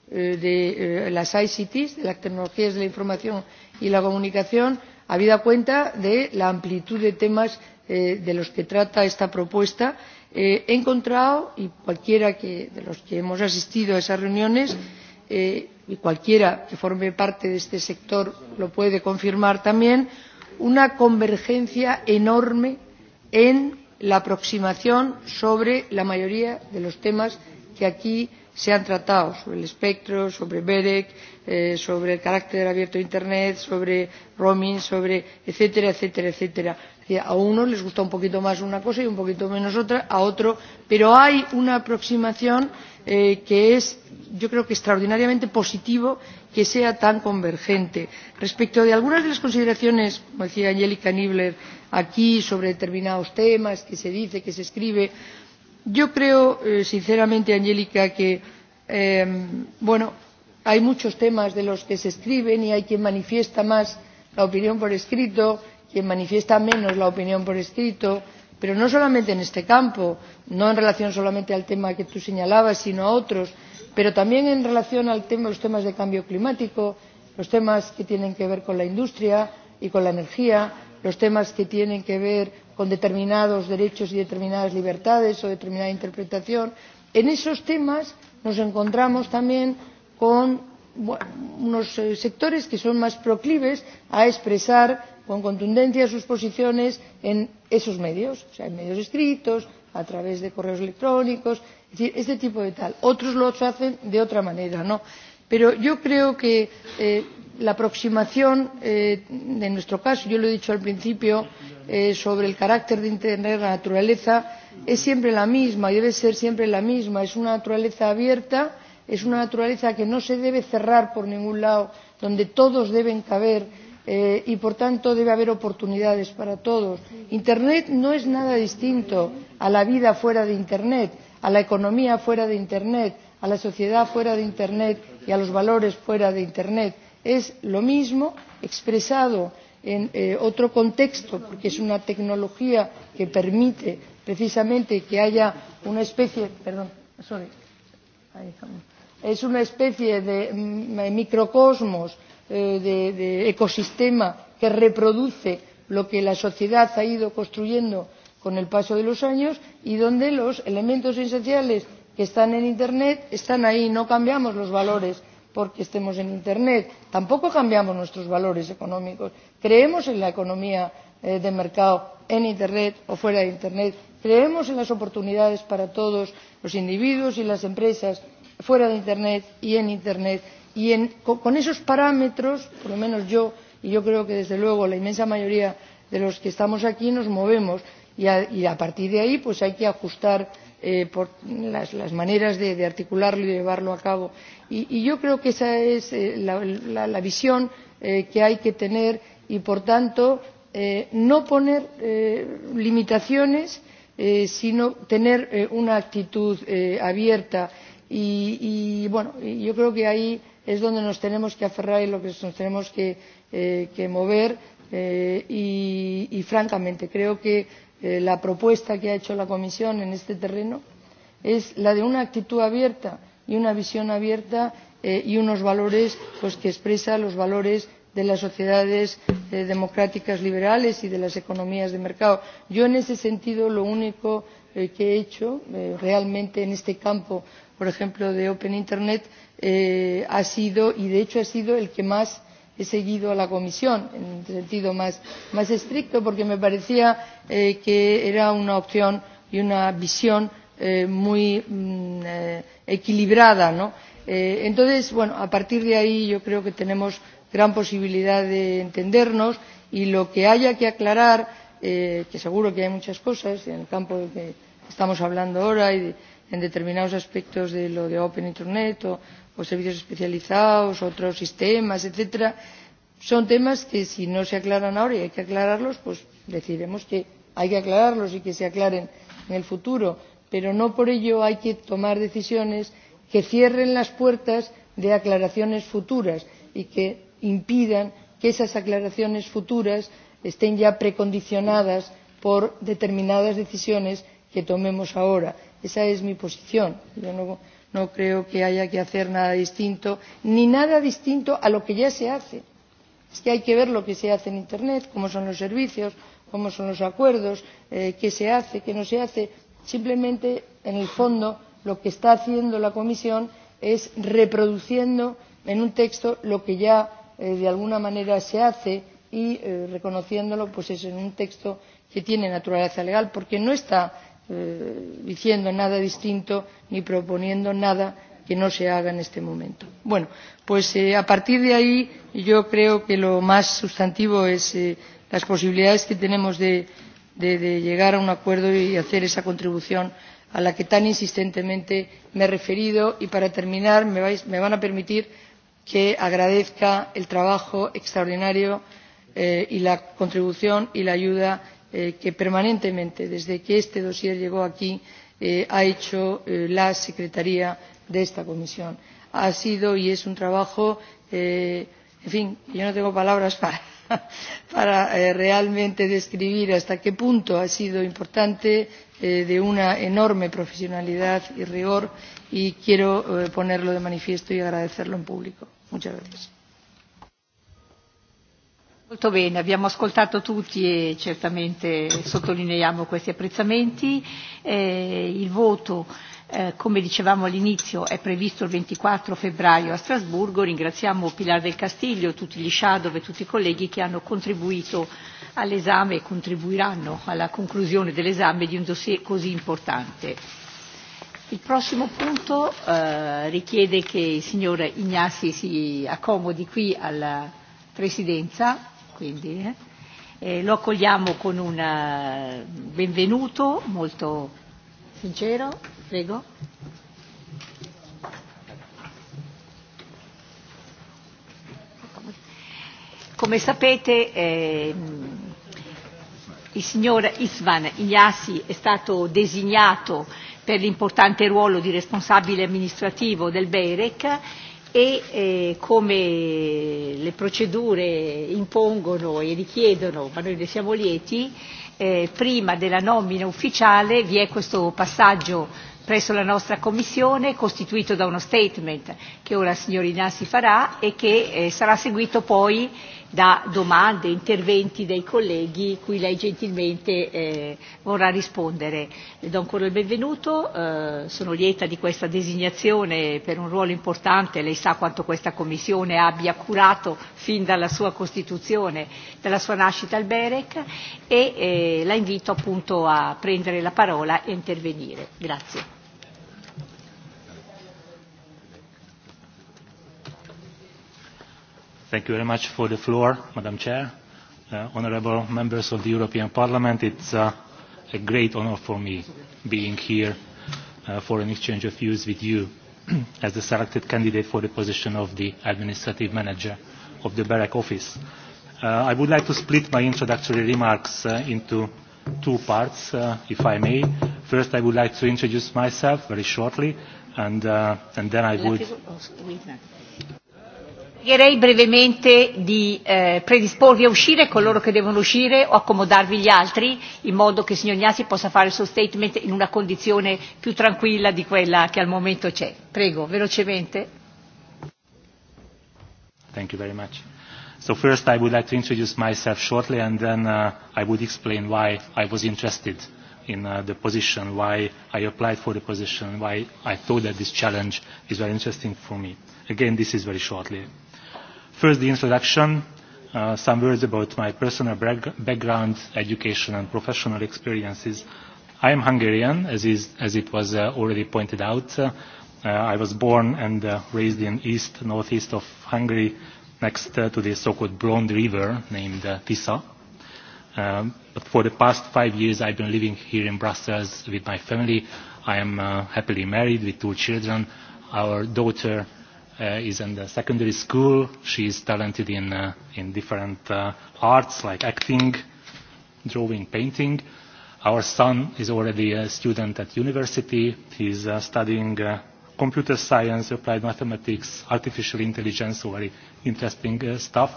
Eh, de eh, las ICTs, de las tecnologías de la información y la comunicación, habida cuenta de la amplitud de temas eh, de los que trata esta propuesta, he encontrado, y cualquiera de los que hemos asistido a esas reuniones, y cualquiera que forme parte de este sector lo puede confirmar también, una convergencia enorme en la aproximación sobre la mayoría de los temas que aquí se han tratado sobre el espectro, sobre BEREC, eh, sobre el carácter abierto de Internet, sobre roaming, sobre etcétera, etcétera, etcétera. A uno les gusta un poquito más una cosa y un poquito menos otra, a otro, pero hay una aproximación eh, que es, yo creo que extraordinariamente positivo que sea tan convergente. Respecto de algunas de las consideraciones, como decía Angélica Nibler, aquí sobre determinados temas que se dice, que se escribe, Yo creo, eh, sinceramente, Angélica, que eh, bueno, hay muchos temas de los que se escriben y hay quien manifiesta más la opinión por escrito, quien manifiesta menos la opinión por escrito, pero no solamente en este campo, no en relación solamente al tema que tú señalabas, sino a otros, pero también en relación al tema, los temas de cambio climático, los temas que tienen que ver con la industria y con la energía, los temas que tienen que ver con determinados derechos y determinadas libertades o determinada interpretación. En esos temas nos encontramos también con bueno, unos eh, sectores que son más proclives a expresar con contundencia sus posiciones en esos medios, o sea, en medios escritos, a través de correos electrónicos, es decir, este tipo de tal. Otros lo hacen de otra manera, ¿no? Pero yo creo que eh, la aproximación, eh, en nuestro caso, yo lo he dicho al principio, eh, sobre el carácter de entender la naturaleza, es siempre la misma, y debe ser siempre la misma. Es una naturaleza abierta, es una naturaleza que no se debe cerrar por ningún lado, donde todos deben caber eh, y, por tanto, debe haber oportunidades para todos. Internet no es nada distinto a la vida fuera de Internet, a la economía fuera de Internet, a la sociedad fuera de Internet y a los valores fuera de Internet es lo mismo expresado en eh, otro contexto, porque es una tecnología que permite precisamente que haya una especie, perdón, sorry, es una especie mm, de microcosmos, eh, de, de ecosistema que reproduce lo que la sociedad ha ido construyendo con el paso de los años y donde los elementos esenciales que están en Internet están ahí, no cambiamos los valores porque estemos en Internet. Tampoco cambiamos nuestros valores económicos. Creemos en la economía eh, de mercado en Internet o fuera de Internet. Creemos en las oportunidades para todos los individuos y las empresas fuera de Internet y en Internet. Y en, con, con esos parámetros, por lo menos yo, y yo creo que desde luego la inmensa mayoría de los que estamos aquí nos movemos y a, y a partir de ahí pues hay que ajustar eh, por las, las maneras de, de articularlo y llevarlo a cabo. Y, y yo creo que esa es eh, la, la, la visión eh, que hay que tener y, por tanto, eh, no poner eh, limitaciones, eh, sino tener eh, una actitud eh, abierta. Y, y bueno, yo creo que ahí es donde nos tenemos que aferrar y lo que nos tenemos que, eh, que mover eh, y, y francamente creo que eh, la propuesta que ha hecho la Comisión en este terreno es la de una actitud abierta y una visión abierta eh, y unos valores pues, que expresa los valores de las sociedades eh, democráticas liberales y de las economías de mercado. Yo en ese sentido lo único eh, que he hecho eh, realmente en este campo, por ejemplo, de Open Internet, eh, ha sido, y de hecho ha sido el que más he seguido la comisión en un sentido más, más estricto porque me parecía eh, que era una opción y una visión eh, muy mm, eh, equilibrada. ¿no? Eh, entonces, bueno, a partir de ahí yo creo que tenemos gran posibilidad de entendernos y lo que haya que aclarar, eh, que seguro que hay muchas cosas en el campo del que estamos hablando ahora y de, en determinados aspectos de lo de Open Internet o o servicios especializados, otros sistemas, etcétera, son temas que si no se aclaran ahora y hay que aclararlos, pues decidiremos que hay que aclararlos y que se aclaren en el futuro, pero no por ello hay que tomar decisiones que cierren las puertas de aclaraciones futuras y que impidan que esas aclaraciones futuras estén ya precondicionadas por determinadas decisiones que tomemos ahora. Esa es mi posición. Yo no No creo que haya que hacer nada distinto, ni nada distinto a lo que ya se hace. Es que hay que ver lo que se hace en Internet, cómo son los servicios, cómo son los acuerdos, eh, qué se hace, qué no se hace. Simplemente, en el fondo, lo que está haciendo la Comisión es reproduciendo en un texto lo que ya eh, de alguna manera se hace y eh, reconociéndolo pues es en un texto que tiene naturaleza legal porque no está eh, diciendo nada distinto ni proponiendo nada que no se haga en este momento. Bueno, pues eh, a partir de ahí yo creo que lo más sustantivo es eh, las posibilidades que tenemos de, de, de llegar a un acuerdo y hacer esa contribución a la que tan insistentemente me he referido y para terminar me, vais, me van a permitir que agradezca el trabajo extraordinario eh, y la contribución y la ayuda eh, que permanentemente, desde que este dossier llegó aquí, eh, ha hecho eh, la Secretaría de esta comisión. Ha sido y es un trabajo, eh, en fin, yo no tengo palabras para, para eh, realmente describir hasta qué punto ha sido importante, eh, de una enorme profesionalidad y rigor, y quiero eh, ponerlo de manifiesto y agradecerlo en público. Muchas gracias. Molto bene, abbiamo ascoltato tutti e certamente sottolineiamo questi apprezzamenti. Eh, il voto, eh, come dicevamo all'inizio, è previsto il 24 febbraio a Strasburgo. Ringraziamo Pilar del Castiglio, tutti gli shadow e tutti i colleghi che hanno contribuito all'esame e contribuiranno alla conclusione dell'esame di un dossier così importante. Il prossimo punto eh, richiede che il signor Ignassi si accomodi qui alla Presidenza quindi eh, e lo accogliamo con un eh, benvenuto molto sincero, prego. Come sapete eh, il signor Isvan Ignasi è stato designato per l'importante ruolo di responsabile amministrativo del BEREC e eh, come le procedure impongono e richiedono, ma noi ne siamo lieti, eh, prima della nomina ufficiale vi è questo passaggio presso la nostra Commissione costituito da uno statement che ora il signor Inassi farà e che eh, sarà seguito poi da domande, interventi dei colleghi cui lei gentilmente eh, vorrà rispondere. Le do ancora il benvenuto, eh, sono lieta di questa designazione per un ruolo importante, lei sa quanto questa Commissione abbia curato fin dalla sua costituzione, dalla sua nascita al BEREC e eh, la invito appunto a prendere la parola e intervenire. Grazie. Thank you very much for the floor, Madam Chair. Uh, honorable members of the European Parliament, it's uh, a great honor for me being here uh, for an exchange of views with you as the selected candidate for the position of the administrative manager of the BEREC office. Uh, I would like to split my introductory remarks uh, into two parts, uh, if I may. First, I would like to introduce myself very shortly, and, uh, and then I would... Oh, pregherei brevemente di eh, predisporvi a uscire coloro che devono uscire o accomodarvi gli altri in modo che il signor Gnasi possa fare il suo statement in una condizione più tranquilla di quella che al momento c'è. Prego, velocemente. Thank you very much. So first I would like to introduce myself shortly and then uh, I would explain why I was interested in uh, the position, why I applied for the position, why I thought that this challenge is very interesting for me. Again, this is very shortly. First, the introduction, uh, some words about my personal background, education and professional experiences. I am Hungarian, as, is, as it was uh, already pointed out. Uh, uh I was born and uh, raised in east, northeast of Hungary, next uh, to the so-called Blonde River named uh, Tisa. Um, but for the past five years, I've been living here in Brussels with my family. I am uh, happily married with two children. Our daughter uh, is in the secondary school. She is talented in, uh, in different uh, arts like acting, drawing, painting. Our son is already a student at university. He's uh, studying uh, computer science, applied mathematics, artificial intelligence, so very interesting uh, stuff.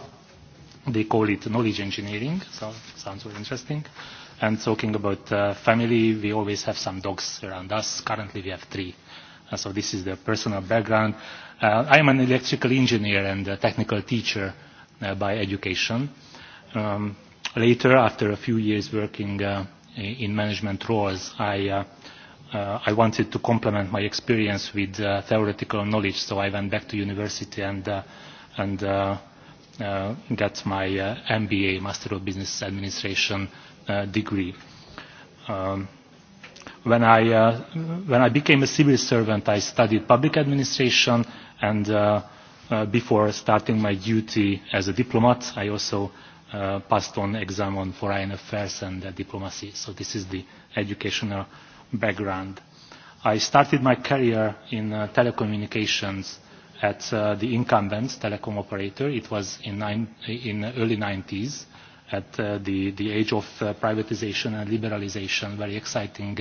They call it knowledge engineering, so sounds very interesting. And talking about uh, family, we always have some dogs around us. Currently we have three. Uh, so this is the personal background. Uh, I am an electrical engineer and a technical teacher uh, by education. Um, later, after a few years working uh, in management roles, I, uh, uh, I wanted to complement my experience with uh, theoretical knowledge, so I went back to university and, uh, and uh, uh, got my uh, MBA, Master of Business Administration uh, degree. Um, when I, uh, when I became a civil servant, I studied public administration and uh, uh, before starting my duty as a diplomat, I also uh, passed on exam on foreign affairs and uh, diplomacy. So this is the educational background. I started my career in uh, telecommunications at uh, the incumbent telecom operator. It was in, nine, in early 90s at uh, the, the age of uh, privatization and liberalization, very exciting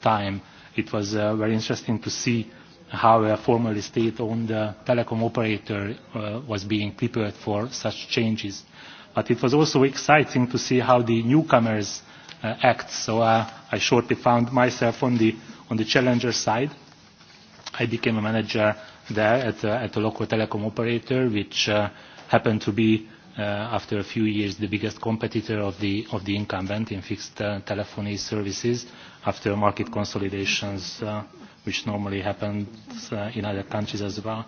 time. It was uh, very interesting to see how a formerly state-owned uh, telecom operator uh, was being prepared for such changes. But it was also exciting to see how the newcomers uh, act. So uh, I shortly found myself on the, on the challenger side. I became a manager there at, uh, at a local telecom operator, which uh, happened to be, uh, after a few years, the biggest competitor of the, of the incumbent in fixed uh, telephony services after market consolidations uh, which normally happens uh, in other countries as well.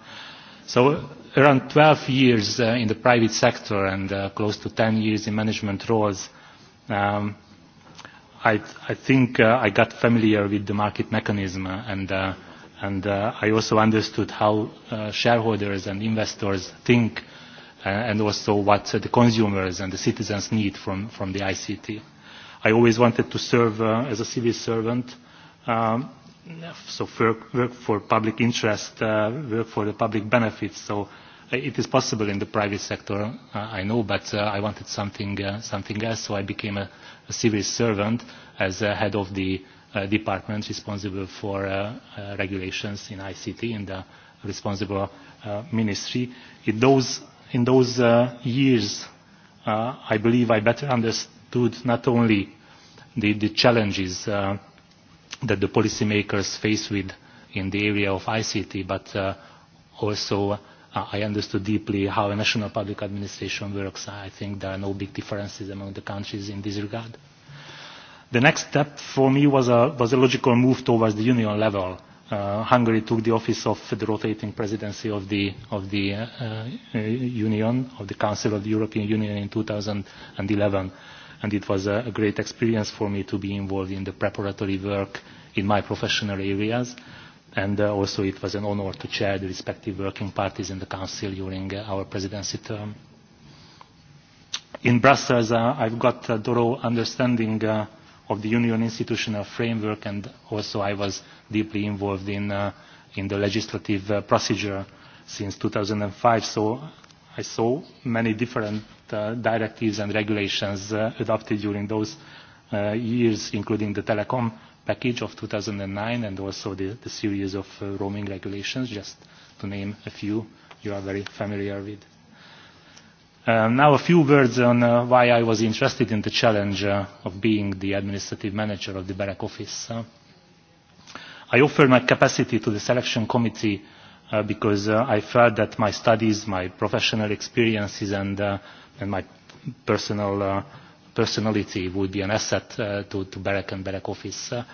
So around 12 years uh, in the private sector and uh, close to 10 years in management roles, um, I, I think uh, I got familiar with the market mechanism and, uh, and uh, I also understood how uh, shareholders and investors think uh, and also what uh, the consumers and the citizens need from, from the ICT. I always wanted to serve uh, as a civil servant um, so work, work for public interest, uh, work for the public benefits. So uh, it is possible in the private sector, uh, I know, but uh, I wanted something, uh, something else, so I became a, a civil servant as a head of the uh, department responsible for uh, uh, regulations in ICT in the responsible uh, ministry. In those, in those uh, years, uh, I believe I better understood not only the, the challenges uh, that the policymakers face with in the area of ICT, but uh, also uh, I understood deeply how a national public administration works. I think there are no big differences among the countries in this regard. The next step for me was a, was a logical move towards the union level. Uh, Hungary took the office of the rotating presidency of the, of the uh, uh, Union, of the Council of the European Union in 2011 and it was a, a great experience for me to be involved in the preparatory work in my professional areas and uh, also it was an honor to chair the respective working parties in the council during uh, our presidency term. In Brussels, uh, I've got a thorough understanding uh, of the union institutional framework and also I was deeply involved in, uh, in the legislative uh, procedure since 2005, so I saw many different the uh, directives and regulations uh, adopted during those uh, years, including the telecom package of 2009 and also the, the series of uh, roaming regulations, just to name a few you are very familiar with. Um, now a few words on uh, why I was interested in the challenge uh, of being the administrative manager of the Barak office. Uh, I offered my capacity to the selection committee Uh, because uh, I felt that my studies, my professional experiences and, uh, and my personal uh, personality would be an asset uh, to, to Berek and Berek office. Uh,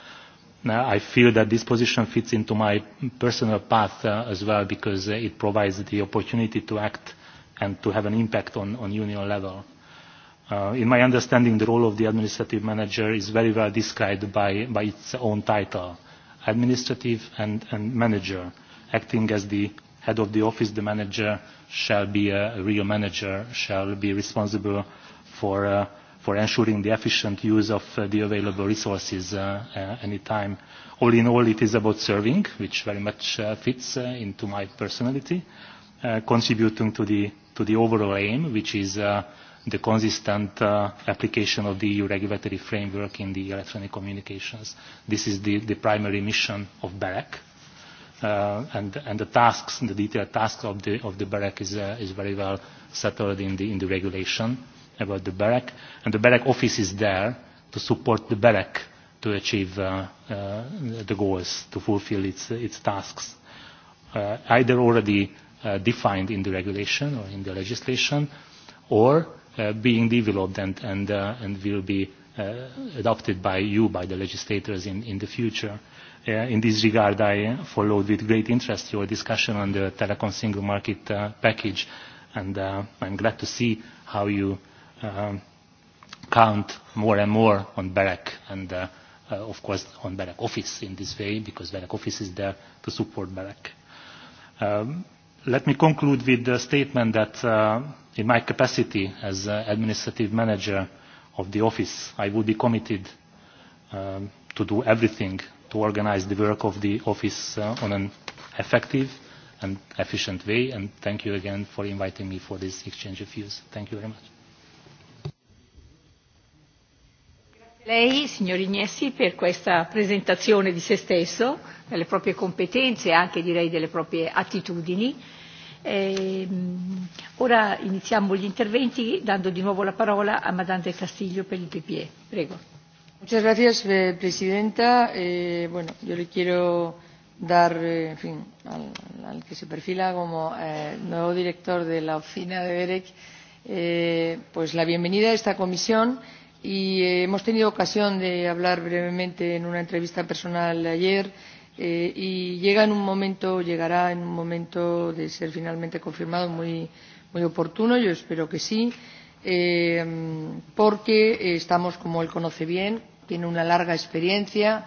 I feel that this position fits into my personal path uh, as well because uh, it provides the opportunity to act and to have an impact on, on union level. Uh, in my understanding, the role of the administrative manager is very well described by, by its own title, administrative and, and manager acting as the head of the office, the manager shall be uh, a real manager, shall be responsible for, uh, for ensuring the efficient use of uh, the available resources uh, uh, any time. All in all, it is about serving, which very much uh, fits uh, into my personality, uh, contributing to the, to the overall aim, which is uh, the consistent uh, application of the EU regulatory framework in the electronic communications. This is the, the primary mission of BEREC uh, and, and the tasks, and the detailed tasks of the, of the BEREC is, uh, is very well settled in the, in the regulation about the BEREC. And the BEREC office is there to support the BEREC to achieve uh, uh, the goals, to fulfill its, its tasks, uh, either already uh, defined in the regulation or in the legislation, or uh, being developed and, and, uh, and will be uh, adopted by you, by the legislators in, in the future. Uh, in this regard, I followed with great interest your discussion on the telecom single market uh, package, and uh, I'm glad to see how you uh, count more and more on BEREC and, uh, uh, of course, on BEREC office in this way, because BEREC office is there to support BEREC. Um, let me conclude with the statement that uh, in my capacity as uh, administrative manager of the office, I will be committed um, to do everything to organize the work of the office uh, on an effective and efficient way. And thank you again for inviting me for this exchange of views. Thank you very much. Lei, signor Ignessi, per questa presentazione di se stesso, delle proprie competenze e anche direi delle proprie attitudini. E, ora iniziamo gli interventi dando di nuovo la parola a Madame del Castiglio per il PPE. Prego. Muchas gracias, eh, Presidenta. Eh, bueno, yo le quiero dar, eh, en fin, al, al que se perfila como eh, nuevo director de la oficina de BEREC, eh, pues la bienvenida a esta comisión y eh, hemos tenido ocasión de hablar brevemente en una entrevista personal ayer eh, y llega en un momento, llegará en un momento de ser finalmente confirmado muy, muy oportuno, yo espero que sí, eh, porque estamos, como él conoce bien, tiene una larga experiencia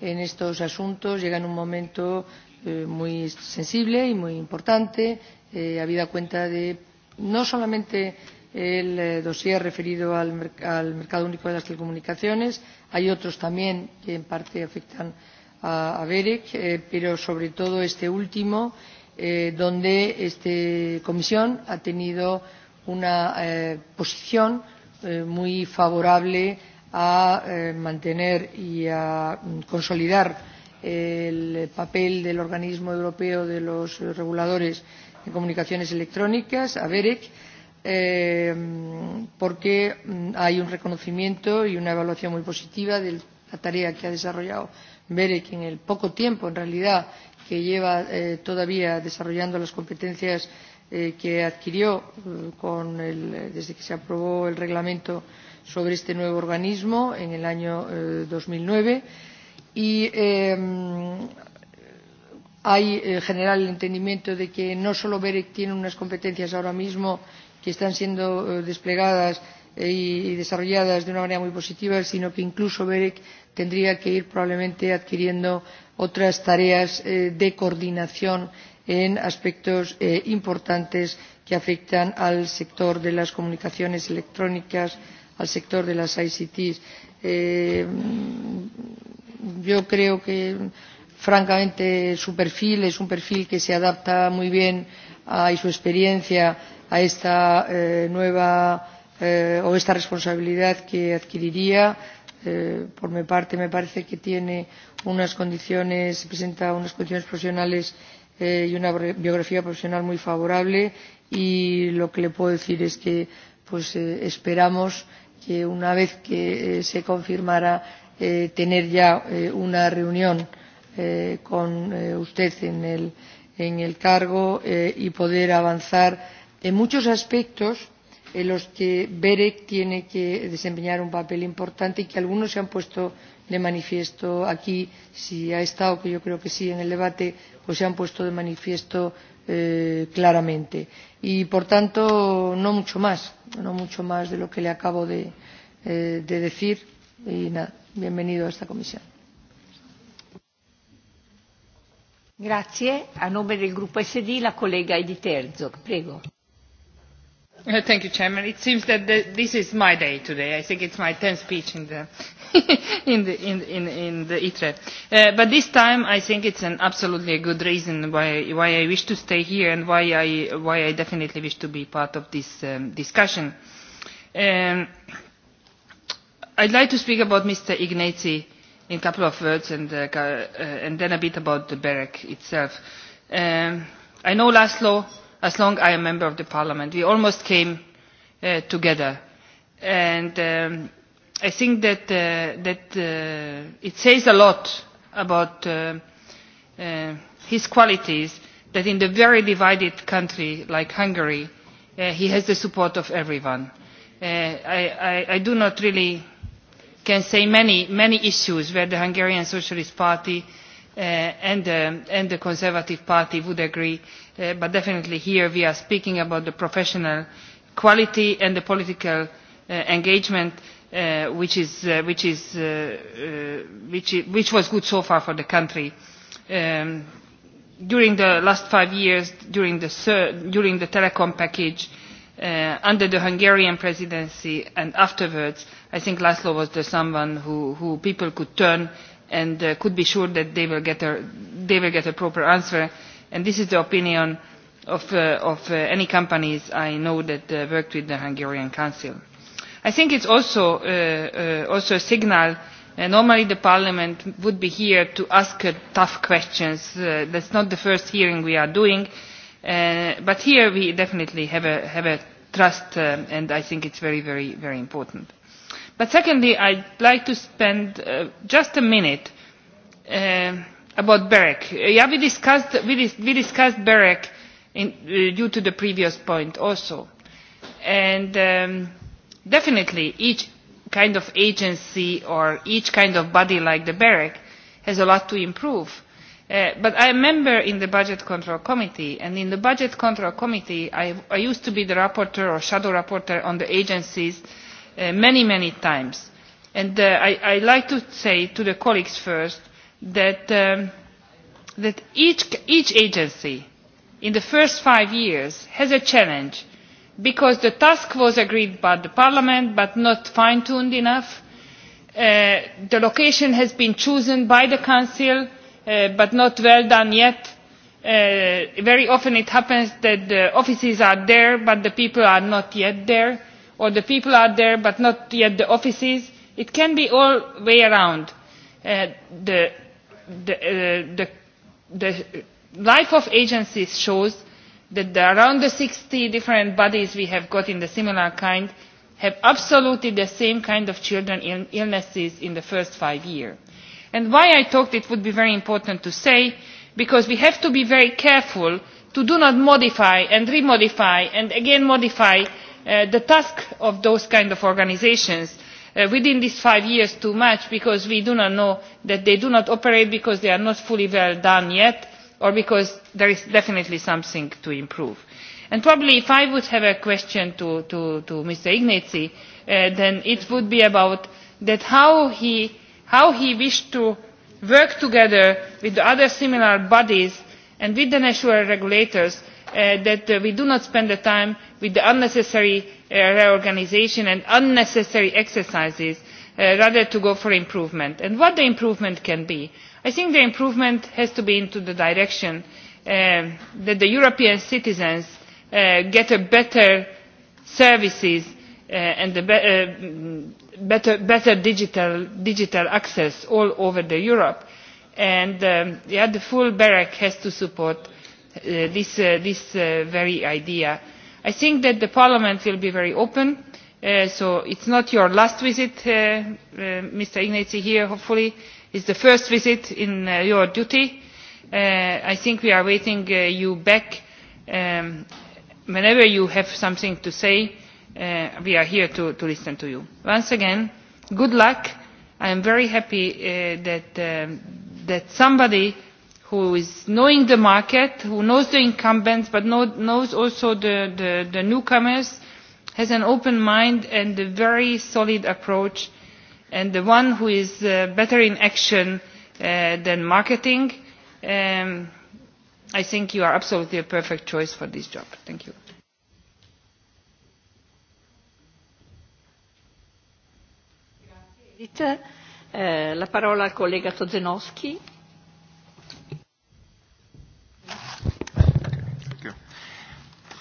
en estos asuntos, llega en un momento eh, muy sensible y muy importante, eh, habida cuenta de no solamente el eh, dossier referido al, al mercado único de las telecomunicaciones, hay otros también que en parte afectan a, a BEREC, eh, pero sobre todo este último, eh, donde esta comisión ha tenido una eh, posición eh, muy favorable a eh, mantener y a mm, consolidar el papel del organismo europeo de los eh, reguladores de comunicaciones electrónicas, BEREC, eh, porque mm, hay un reconocimiento y una evaluación muy positiva de la tarea que ha desarrollado BEREC en el poco tiempo, en realidad, que lleva eh, todavía desarrollando las competencias eh, que adquirió eh, con el, eh, desde que se aprobó el reglamento sobre este nuevo organismo en el año eh, 2009 y eh, hay eh, general el entendimiento de que no solo BEREC tiene unas competencias ahora mismo que están siendo eh, desplegadas eh, y desarrolladas de una manera muy positiva, sino que incluso BEREC tendría que ir probablemente adquiriendo otras tareas eh, de coordinación en aspectos eh, importantes que afectan al sector de las comunicaciones electrónicas, al sector de las ICTs. Eh, yo creo que, francamente, su perfil es un perfil que se adapta muy bien a, y su experiencia a esta eh, nueva eh, o esta responsabilidad que adquiriría. Eh, por mi parte, me parece que tiene unas condiciones, presenta unas condiciones profesionales eh, y una biografía profesional muy favorable y lo que le puedo decir es que pues, eh, esperamos que una vez que eh, se confirmara eh, tener ya eh, una reunión eh, con eh, usted en el, en el cargo eh, y poder avanzar en muchos aspectos en los que BEREC tiene que desempeñar un papel importante y que algunos se han puesto de manifiesto aquí, si ha estado, que yo creo que sí, en el debate, pues se han puesto de manifiesto Eh, claramente. Y, por tanto, no mucho más, no mucho más de lo que le acabo de, eh, de decir. Y nada, bienvenido a esta comisión. Grazie. A nome del gruppo SD la collega Edith Herzog. Prego. Uh, thank you, Chairman. It seems that the, this is my day today. I think it's my 10th speech in the, in the, in, in, in the ITRE. Uh, but this time I think it's an absolutely a good reason why, why I wish to stay here and why I, why I definitely wish to be part of this um, discussion. Um, I'd like to speak about Mr. Ignazi in a couple of words and, uh, uh, and then a bit about the BEREC itself. Um, I know Laszlo as long as I am a member of the parliament. We almost came uh, together. And um, I think that, uh, that uh, it says a lot about uh, uh, his qualities that in the very divided country like Hungary, uh, he has the support of everyone. Uh, I, I, I do not really can say many, many issues where the Hungarian Socialist Party uh, uh, and, uh, and the Conservative Party would agree, uh, but definitely here we are speaking about the professional quality and the political uh, engagement uh, which, is, uh, which, is, uh, uh, which, is, which was good so far for the country. Um, during the last five years, during the, during the telecom package, uh, under the Hungarian presidency and afterwards, I think Laszlo was the someone who, who people could turn and uh, could be sure that they will, get a, they will get a proper answer. And this is the opinion of, uh, of uh, any companies I know that uh, worked with the Hungarian Council. I think it's also, uh, uh, also a signal uh, normally the parliament would be here to ask uh, tough questions. Uh, that's not the first hearing we are doing, uh, but here we definitely have a, have a trust uh, and I think it's very, very, very important. But secondly, I'd like to spend uh, just a minute uh, about BEREC. Uh, yeah, we discussed, we dis we discussed BEREC uh, due to the previous point also. And um, definitely each kind of agency or each kind of body like the BEREC has a lot to improve. Uh, but I am a member in the Budget Control Committee, and in the Budget Control Committee I, I used to be the rapporteur or shadow rapporteur on the agencies uh, uh, many, many times. And uh, I, I'd like to say to the colleagues first that, um, that each, each agency in the first five years has a challenge because the task was agreed by the parliament but not fine-tuned enough. Uh, the location has been chosen by the council uh, but not well done yet. Uh, very often it happens that the offices are there but the people are not yet there or the people are there but not yet the offices. It can be all way around. Uh, the, the, uh, the, the life of agencies shows that the, around the 60 different bodies we have got in the similar kind have absolutely the same kind of children il illnesses in the first five years. And why I talked it would be very important to say, because we have to be very careful to do not modify and remodify and again modify uh, the task of those kind of organizations uh, within these five years too much because we do not know that they do not operate because they are not fully well done yet or because there is definitely something to improve. And probably if I would have a question to, to, to Mr. Ignazi, uh, then it would be about that how he, how he wished to work together with the other similar bodies and with the national regulators uh, that uh, we do not spend the time with the unnecessary uh, reorganization and unnecessary exercises uh, rather to go for improvement. And what the improvement can be? I think the improvement has to be into the direction uh, that the European citizens uh, get a better services uh, and the be uh, better, better digital, digital access all over the Europe. And um, yeah, the full BEREC has to support uh, this, uh, this uh, very idea I think that the Parliament will be very open. Uh, so it's not your last visit, uh, uh, Mr. Ignacy here, hopefully. It's the first visit in uh, your duty. Uh, I think we are waiting uh, you back. Um, whenever you have something to say, uh, we are here to, to listen to you. Once again, good luck. I am very happy uh, that, um, that somebody who is knowing the market, who knows the incumbents, but know, knows also the, the, the newcomers, has an open mind and a very solid approach, and the one who is uh, better in action uh, than marketing, um, I think you are absolutely a perfect choice for this job. Thank you. Eh, la parola al collega Tozenowski.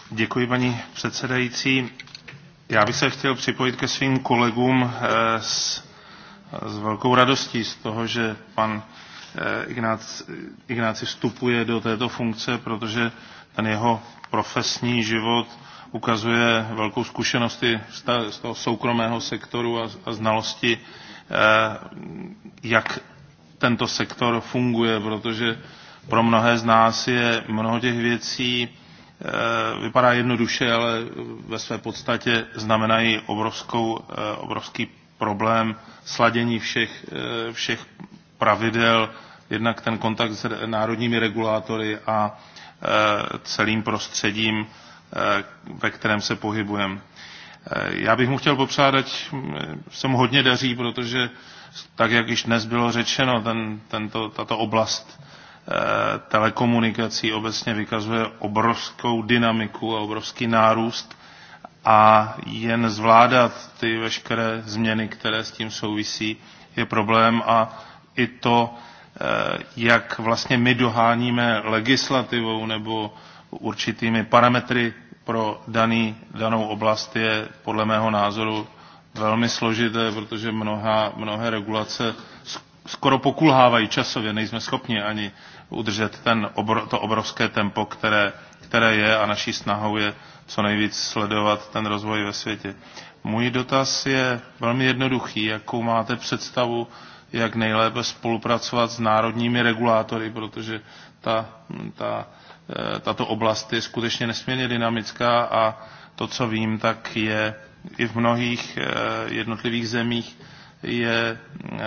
Děkuji, paní předsedající. Já bych se chtěl připojit ke svým kolegům eh, s, s velkou radostí z toho, že pan eh, Ignáci vstupuje do této funkce, protože ten jeho profesní život ukazuje velkou zkušenost z toho soukromého sektoru a, a znalosti, eh, jak tento sektor funguje, protože pro mnohé z nás je mnoho těch věcí, Eh, vypadá jednoduše, ale ve své podstatě znamenají obrovskou, eh, obrovský problém sladění všech, eh, všech pravidel, jednak ten kontakt s národními regulátory a celým prostředím, ve kterém se pohybujeme. Já bych mu chtěl popřát, ať se mu hodně daří, protože tak, jak již dnes bylo řečeno, ten, tento, tato oblast telekomunikací obecně vykazuje obrovskou dynamiku a obrovský nárůst a jen zvládat ty veškeré změny, které s tím souvisí, je problém a i to, eh, jak vlastně my doháníme legislativou nebo určitými parametry pro daný, danou oblast je podle mého názoru velmi složité, protože mnoha, mnohé regulace skoro pokulhávají časově, nejsme schopni ani udržet ten obro, to obrovské tempo, které, které je a naší snahou je co nejvíc sledovat ten rozvoj ve světě. Můj dotaz je velmi jednoduchý. Jakou máte představu, jak nejlépe spolupracovat s národními regulátory, protože ta, ta, eh, tato oblast je skutečně nesmírně dynamická a to, co vím, tak je i v mnohých eh, jednotlivých zemích je eh,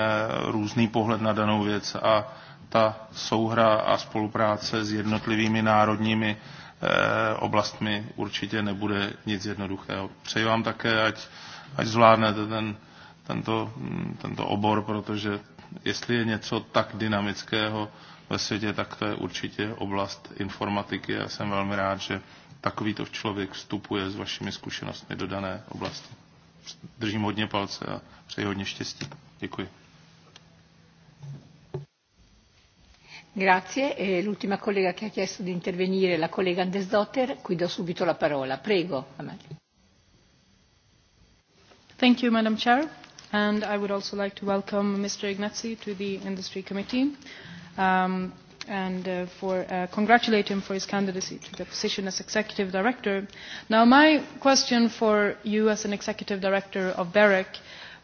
různý pohled na danou věc a ta souhra a spolupráce s jednotlivými národními eh, oblastmi určitě nebude nic jednoduchého. Přeji vám také, ať, ať zvládnete ten, tento, mm, tento obor, protože jestli je něco tak dynamického ve světě, tak to je určitě oblast informatiky. a jsem velmi rád, že takovýto člověk vstupuje s vašimi zkušenostmi do dané oblasti. Držím hodně palce a přeji hodně štěstí. Děkuji. Grazie. E l'ultima collega che ha chiesto di intervenire, la collega Andesdotter, qui do subito la parola. Prego. Thank you, Madam Chair. And I would also like to welcome Mr. Ignazzi to the Industry Committee um, and uh, for, uh, congratulate him for his candidacy to the position as Executive Director. Now, my question for you as an Executive Director of BEREC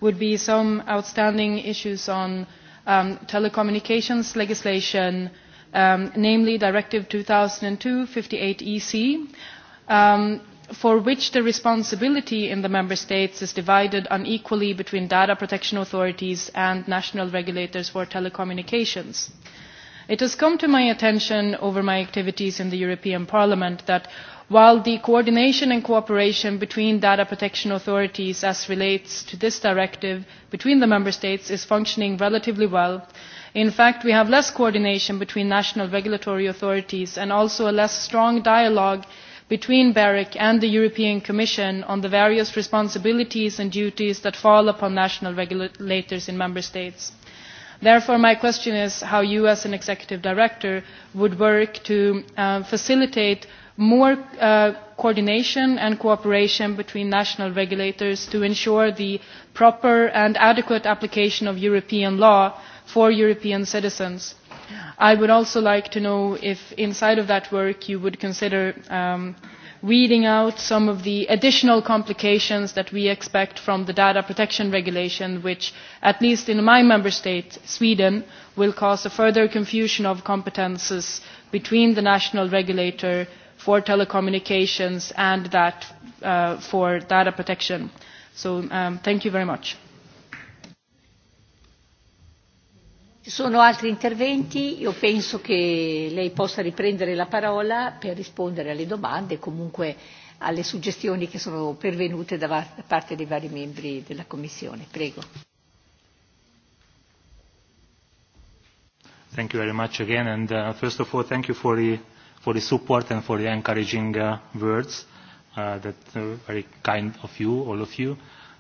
would be some outstanding issues on um, telecommunications legislation, um, namely Directive 2002-58 EC, um, for which the responsibility in the Member States is divided unequally between data protection authorities and national regulators for telecommunications. It has come to my attention over my activities in the European Parliament that While the coordination and cooperation between data protection authorities as relates to this directive between the Member States is functioning relatively well, in fact we have less coordination between national regulatory authorities and also a less strong dialogue between BEREC and the European Commission on the various responsibilities and duties that fall upon national regulators in Member States. Therefore, my question is how you as an Executive Director would work to uh, facilitate more uh, coordination and cooperation between national regulators to ensure the proper and adequate application of European law for European citizens. I would also like to know if inside of that work you would consider um, weeding out some of the additional complications that we expect from the data protection regulation, which, at least in my member state, Sweden, will cause a further confusion of competences between the national regulator for telecommunications and that uh, for data protection. So um, thank you very much. Ci sono altri interventi, io penso che lei possa riprendere la parola per rispondere alle domande e comunque alle suggestioni che sono pervenute da parte dei vari membri della Commissione. Prego. Thank you very much again and uh, first of all thank you for the for the support and for the encouraging uh, words uh, that are uh, very kind of you, all of you.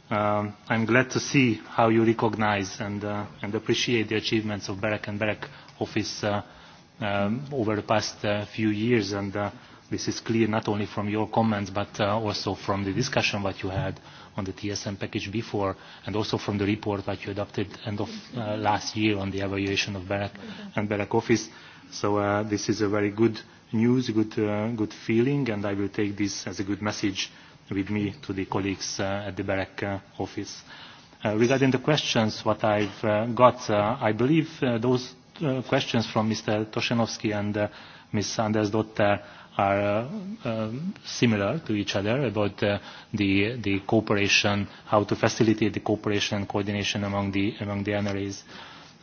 Um, I'm glad to see how you recognize and, uh, and appreciate the achievements of Berek and Berek office uh, um, over the past uh, few years and uh, this is clear not only from your comments but uh, also from the discussion that you had on the TSM package before and also from the report that you adopted end of uh, last year on the evaluation of BEREC and BEREC office. So uh, this is a very good news, good, uh, good feeling, and I will take this as a good message with me to the colleagues uh, at the BEREC uh, office. Uh, regarding the questions what I've uh, got, uh, I believe uh, those uh, questions from Mr. Toshenovsky and uh, Ms. Anders Dotter are uh, uh, similar to each other about uh, the, the cooperation, how to facilitate the cooperation and coordination among the, among the NRAs.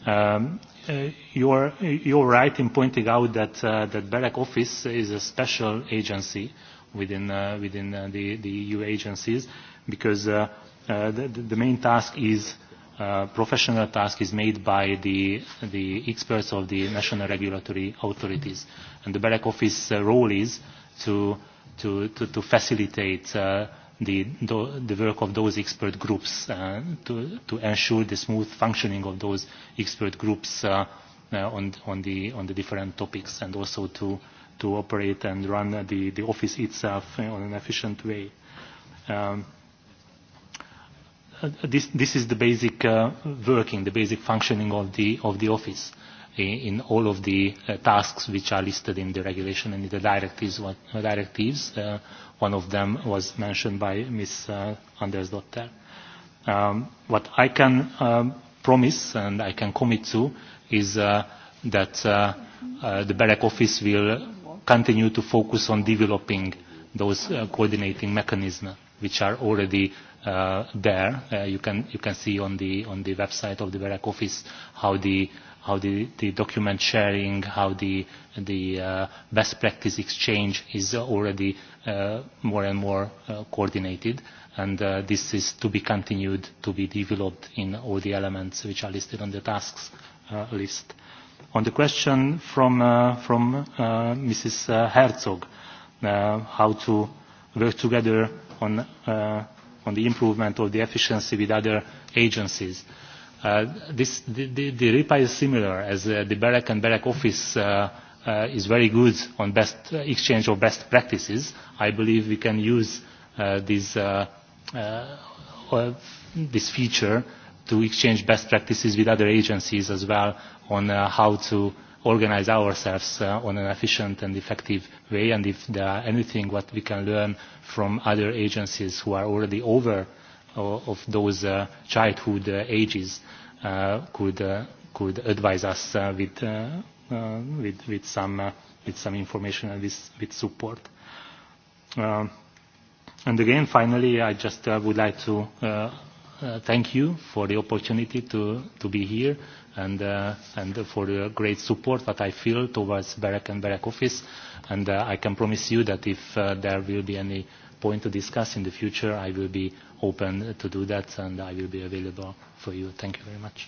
Um, uh, you're, you're right in pointing out that, uh, that BEREC office is a special agency within, uh, within uh, the, the EU agencies because uh, uh, the, the main task is uh, professional task is made by the, the experts of the national regulatory authorities. And the BEREC office uh, role is to, to, to, to facilitate uh, the, the work of those expert groups uh, to, to ensure the smooth functioning of those expert groups uh, uh, on, on, the, on the different topics and also to, to operate and run the, the office itself in an efficient way. Um, uh, this, this is the basic uh, working, the basic functioning of the, of the office. Uh, in all of the uh, tasks which are listed in the regulation and in the directives. One, uh, directives. Uh, one of them was mentioned by Ms. Uh, Dotter. Um, what I can um, promise and I can commit to is uh, that uh, uh, the BEREC office will continue to focus on developing those uh, coordinating mechanisms which are already uh, there. Uh, you, can, you can see on the, on the website of the BEREC office how the uh, how the, the document sharing, how the, the uh, best practice exchange is already uh, more and more uh, coordinated. And uh, this is to be continued, to be developed in all the elements which are listed on the tasks uh, list. On the question from, uh, from uh, Mrs. Uh, Herzog, uh, how to work together on, uh, on the improvement of the efficiency with other agencies. Uh, Uh, this, the, the, the RIPA is similar as uh, the BEREC and BEREC office uh, uh, is very good on best uh, exchange of best practices. I believe we can use uh, this, uh, uh, uh, this feature to exchange best practices with other agencies as well on uh, how to organize ourselves uh, on an efficient and effective way and if there are anything what we can learn from other agencies who are already over uh, of those uh, childhood uh, ages uh, could, uh, could advise us uh, with, uh, uh, with, with, some, uh, with some information and with, with support. Uh, and again, finally, I just uh, would like to uh, uh, thank you for the opportunity to, to be here and, uh, and for the great support that I feel towards Berek and Berek office. And uh, I can promise you that if uh, there will be any point to discuss in the future, I will be open to do that and I will be available for you. Thank you very much.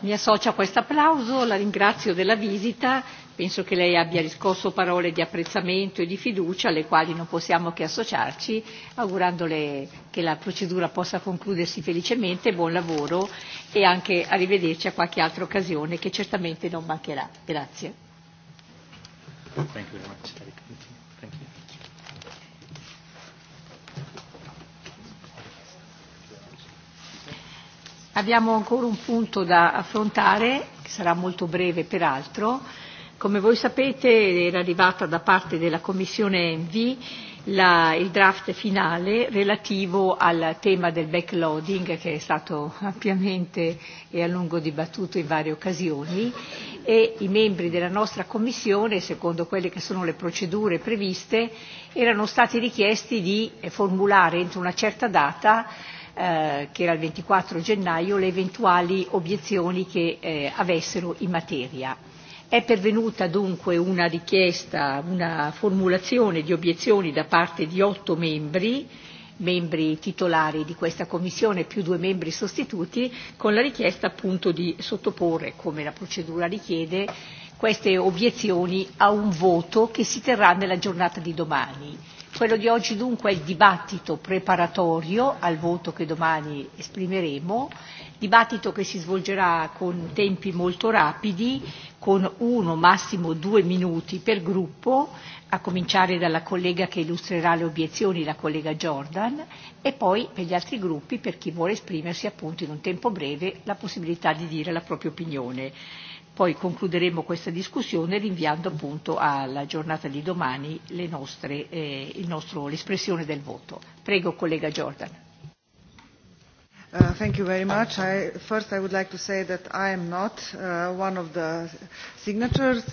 Mi associo a questo applauso, la ringrazio della visita. Penso che lei abbia riscosso parole di apprezzamento e di fiducia alle quali non possiamo che associarci, augurandole che la procedura possa concludersi felicemente, buon lavoro e anche arrivederci a qualche altra occasione che certamente non mancherà. Grazie. Abbiamo ancora un punto da affrontare, che sarà molto breve peraltro Come voi sapete era arrivata da parte della Commissione Envi la, il draft finale relativo al tema del backloading che è stato ampiamente e a lungo dibattuto in varie occasioni e i membri della nostra Commissione, secondo quelle che sono le procedure previste, erano stati richiesti di formulare entro una certa data eh, che era il 24 gennaio, le eventuali obiezioni che eh, avessero in materia. È pervenuta dunque una richiesta, una formulazione di obiezioni da parte di otto membri, membri titolari di questa commissione e più due membri sostituti, con la richiesta appunto di sottoporre, come la procedura richiede, queste obiezioni a un voto che si terrà nella giornata di domani. Quello di oggi dunque è il dibattito preparatorio al voto che domani esprimeremo, dibattito che si svolgerà con tempi molto rapidi, con uno, massimo due minuti per gruppo, a cominciare dalla collega che illustrerà le obiezioni, la collega Jordan, e poi per gli altri gruppi, per chi vuole esprimersi appunto in un tempo breve, la possibilità di dire la propria opinione. Poi concluderemo questa discussione rinviando appunto alla giornata di domani le nostre, eh, il nostro, l'espressione del voto. Prego collega Jordan. Uh, thank you very much. I, first, I would like to say that I am not uh, one of the signatures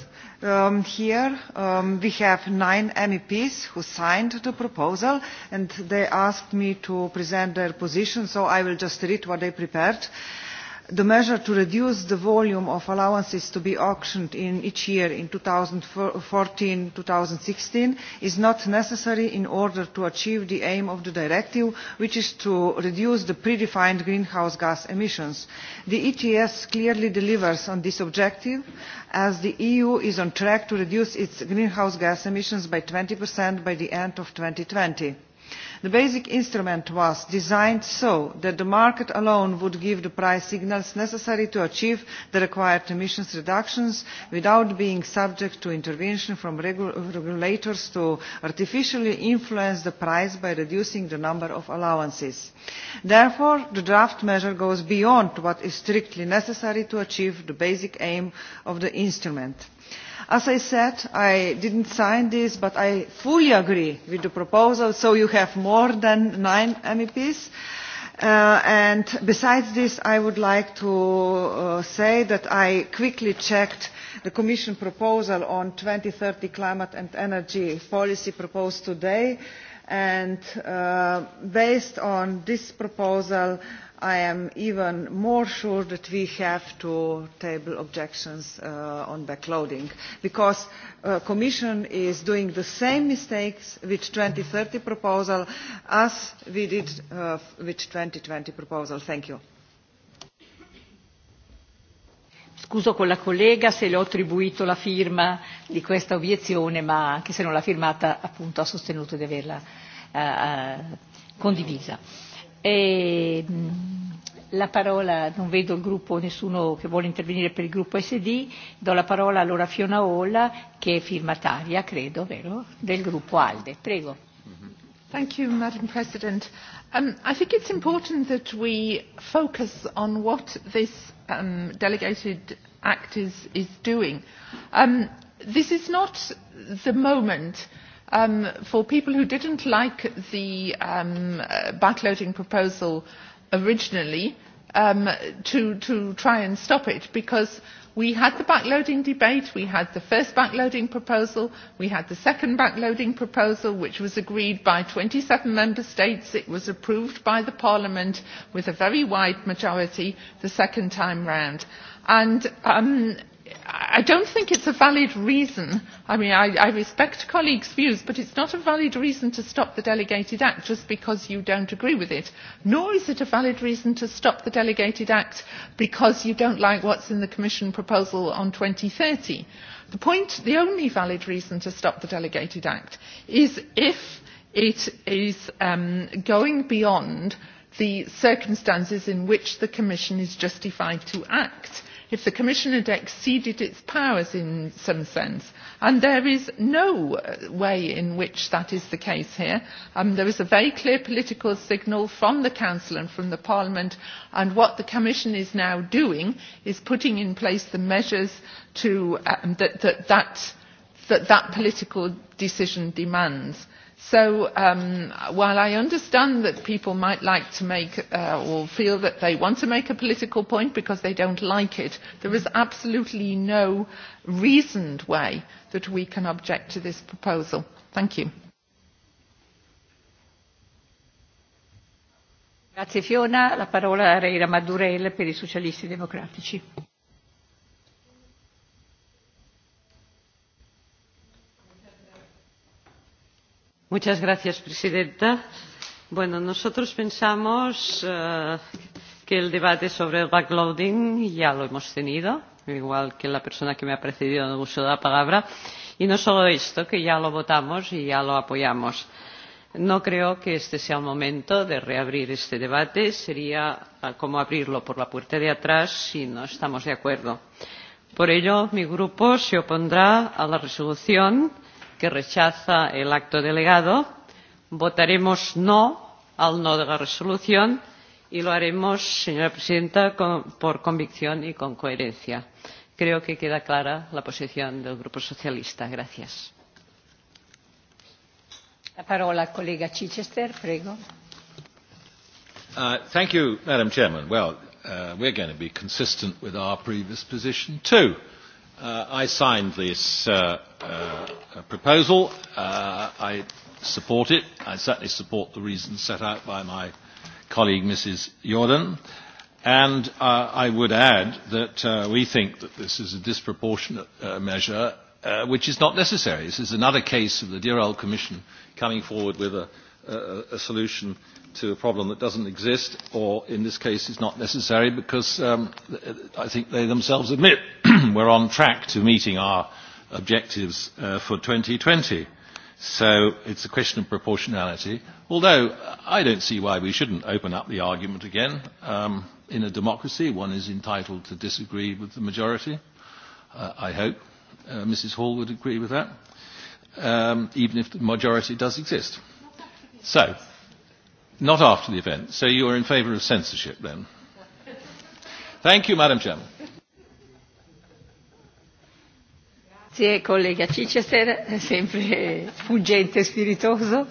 um, here. Um, we have nine MEPs who signed the proposal, and they asked me to present their position, so I will just read what they prepared. Uh, The measure to reduce the volume of allowances to be auctioned in each year in 2014-2016 is not necessary in order to achieve the aim of the directive, which is to reduce the predefined greenhouse gas emissions. The ETS clearly delivers on this objective, as the EU is on track to reduce its greenhouse gas emissions by 20% by the end of 2020. The basic instrument was designed so that the market alone would give the price signals necessary to achieve the required emissions reductions without being subject to intervention from regu regulators to artificially influence the price by reducing the number of allowances. Therefore, the draft measure goes beyond what is strictly necessary to achieve the basic aim of the instrument. As I said, I didn't sign this, but I fully agree with the proposal, so you have more than nine MEPs. Uh, and besides this, I would like to uh, say that I quickly checked the Commission proposal on 2030 climate and energy policy proposed today. And uh, based on this proposal, I am even more sure that we have to table objections uh, on backloading because uh, Commission is doing the same mistakes with 2030 proposal as we did uh, with 2020 proposal. Thank you. Scuso con la collega se le ho attribuito la firma di questa obiezione, ma anche se non l'ha firmata appunto ha sostenuto di averla uh, condivisa. E, mm, la parola, non vedo il gruppo, nessuno che vuole intervenire per il gruppo SD, do la parola allora a Fiona Olla che è firmataria, credo, vero, del gruppo ALDE. Prego. Thank you, Madam President. Um, I think it's important that we focus on what this um, delegated act is, is doing. Um, this is not the moment Um, for people who didn't like the um, uh, backloading proposal originally, um, to, to try and stop it because we had the backloading debate, we had the first backloading proposal, we had the second backloading proposal which was agreed by 27 member states, it was approved by the parliament with a very wide majority the second time round. And um, I don't think it's a valid reason. I mean, I, I respect colleagues' views, but it's not a valid reason to stop the Delegated Act just because you don't agree with it. Nor is it a valid reason to stop the Delegated Act because you don't like what's in the Commission proposal on 2030. The point, the only valid reason to stop the Delegated Act is if it is um, going beyond the circumstances in which the Commission is justified to act if the Commission had exceeded its powers in some sense. And there is no uh, way in which that is the case here. Um, there is a very clear political signal from the Council and from the Parliament, and what the Commission is now doing is putting in place the measures to, um, that, that, that, that that political decision demands. So um, while I understand that people might like to make uh, or feel that they want to make a political point because they don't like it, there is absolutely no reasoned way that we can object to this proposal. Thank you. Grazie Fiona, la parola a Reira Madurell per i socialisti democratici. Señora presidenta, bueno, nosotros pensamos eh, que el debate sobre el backloading ya lo hemos tenido, igual que la persona que me ha precedido en el uso de la palabra, y no solo esto, que ya lo votamos y ya lo apoyamos. No creo que este sea el momento de reabrir este debate, sería ah, como abrirlo por la puerta de atrás si no estamos de acuerdo. Por ello, mi grupo se opondrá a la resolución que rechaza el acto delegado. Votaremos no al no de la resolución y lo haremos, señora presidenta, con, por convicción y con coherencia. Creo que queda clara la posición del Grupo Socialista. Gracias. La parola colega Chichester, prego. Uh, thank you, Madam Chairman. Well, uh, we're going to be consistent with our previous position too. Uh, I signed this uh, uh, proposal. Uh, I support it. I certainly support the reasons set out by my colleague Mrs. Jordan. And uh, I would add that uh, we think that this is a disproportionate uh, measure uh, which is not necessary. This is another case of the dear old Commission coming forward with a, a, a solution to a problem that doesn't exist or in this case is not necessary because um, I think they themselves admit we're on track to meeting our objectives uh, for 2020. So it's a question of proportionality, although I don't see why we shouldn't open up the argument again. Um, in a democracy, one is entitled to disagree with the majority. Uh, I hope uh, Mrs. Hall would agree with that, um, even if the majority does exist. So, not after the event. So you are in favour of censorship then? Thank you, Madam Chairman. Grazie collega Cicester, sempre fuggente e spiritoso.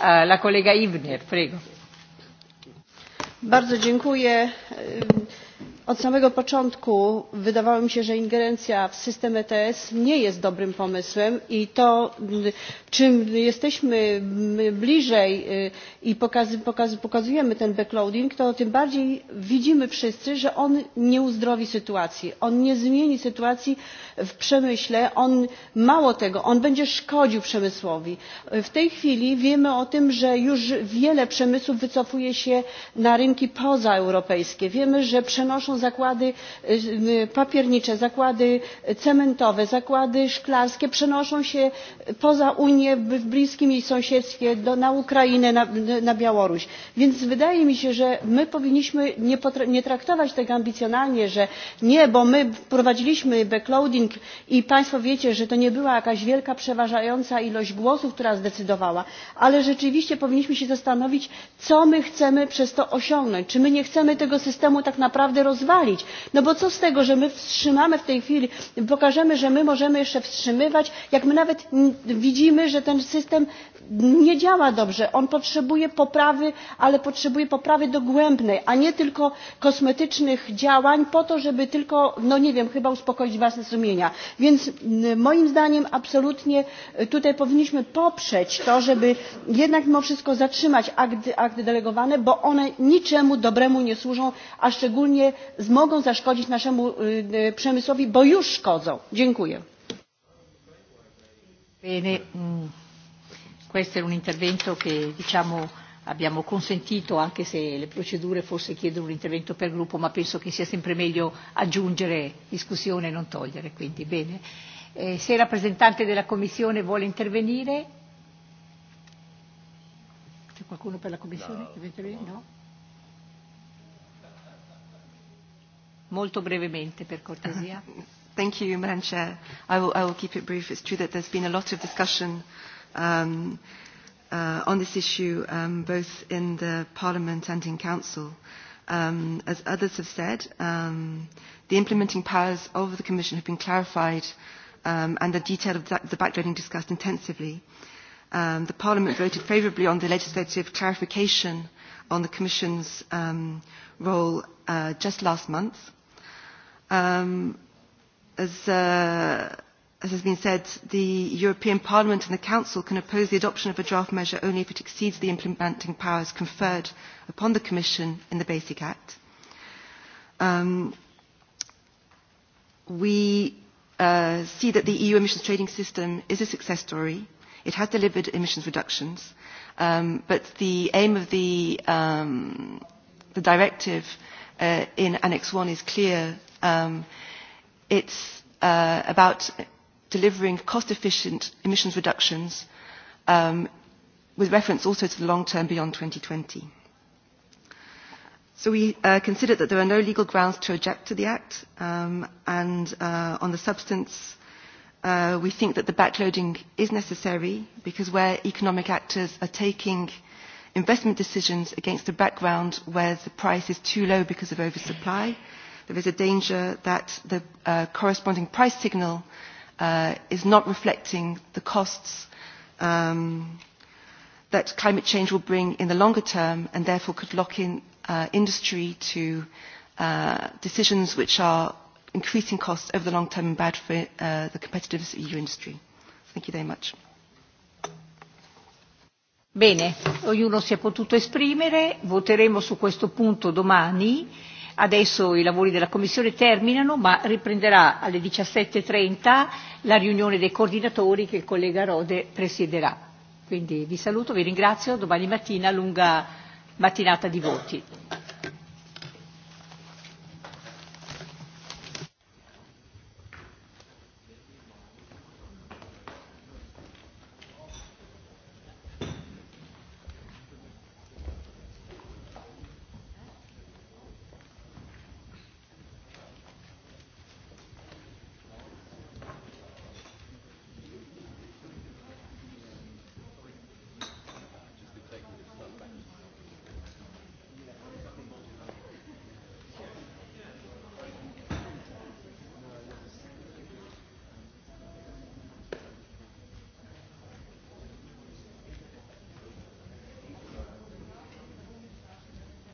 Uh, La collega Ibner, prego. Bardzo dziękuję. Od samego początku wydawało mi się, że ingerencja w system ETS nie jest dobrym pomysłem i to, czym jesteśmy bliżej i pokazy, pokazy, pokazujemy ten backloading, to tym bardziej widzimy wszyscy, że on nie uzdrowi sytuacji. On nie zmieni sytuacji w przemyśle. On mało tego, on będzie szkodził przemysłowi. W tej chwili wiemy o tym, że już wiele przemysłów wycofuje się na rynki pozaeuropejskie. Wiemy, że przenoszą zakłady e, e, papiernicze, zakłady cementowe, zakłady szklarskie przenoszą się poza Unię w bliskim jej sąsiedztwie do, na Ukrainę, na, na Białoruś. Więc wydaje mi się, że my powinniśmy nie, nie traktować tego ambicjonalnie, że nie, bo my wprowadziliśmy backloading i Państwo wiecie, że to nie była jakaś wielka przeważająca ilość głosów, która zdecydowała, ale rzeczywiście powinniśmy się zastanowić, co my chcemy przez to osiągnąć. Czy my nie chcemy tego systemu tak naprawdę rozwijać? rozwalić. No bo co z tego, że my wstrzymamy w tej chwili, pokażemy, że my możemy jeszcze wstrzymywać, jak my nawet widzimy, że ten system nie działa dobrze. On potrzebuje poprawy, ale potrzebuje poprawy dogłębnej, a nie tylko kosmetycznych działań po to, żeby tylko, no nie wiem, chyba uspokoić własne sumienia. Więc moim zdaniem absolutnie e, tutaj powinniśmy poprzeć to, żeby jednak mimo wszystko zatrzymać akty, akty delegowane, bo one niczemu dobremu nie służą, a szczególnie mogą zaszkodzić naszemu przemysłowi, bo już szkodzą. Dziękuję. Bene, mm, questo è un intervento che diciamo abbiamo consentito, anche se le procedure forse chiedono un intervento per gruppo, ma penso che sia sempre meglio aggiungere discussione e non togliere, quindi bene. Eh, se il rappresentante della Commissione vuole intervenire, c'è qualcuno per la Commissione? No. no? molto brevemente per cortesia. Uh, thank you, Madam Chair. I will, I will keep it brief. It's true that there's been a lot of discussion um, uh, on this issue, um, both in the Parliament and in Council. Um, as others have said, um, the implementing powers of the Commission have been clarified um, and the detail of the backloading discussed intensively. Um, the Parliament voted favourably on the legislative clarification on the Commission's um, role uh, just last month. Um, as, uh, as has been said, the European Parliament and the Council can oppose the adoption of a draft measure only if it exceeds the implementing powers conferred upon the Commission in the Basic Act. Um, we uh, see that the EU emissions trading system is a success story. It has delivered emissions reductions, um, but the aim of the, um, the directive uh, in Annex 1 is clear Um, it's uh, about delivering cost-efficient emissions reductions um, with reference also to the long term beyond 2020. So we uh, considered that there are no legal grounds to object to the Act um, and uh, on the substance uh, we think that the backloading is necessary because where economic actors are taking investment decisions against a background where the price is too low because of oversupply, there is a danger that the uh, corresponding price signal uh, is not reflecting the costs um, that climate change will bring in the longer term and therefore could lock in uh, industry to uh, decisions which are increasing costs over the long term and bad for uh, the competitiveness of EU e industry. Thank you very much. Bene, ognuno si è potuto esprimere, voteremo su questo punto domani. Adesso i lavori della Commissione terminano, ma riprenderà alle 17.30 e la riunione dei coordinatori che il collega Rode presiederà. Quindi vi saluto, vi ringrazio, domani mattina lunga mattinata di voti.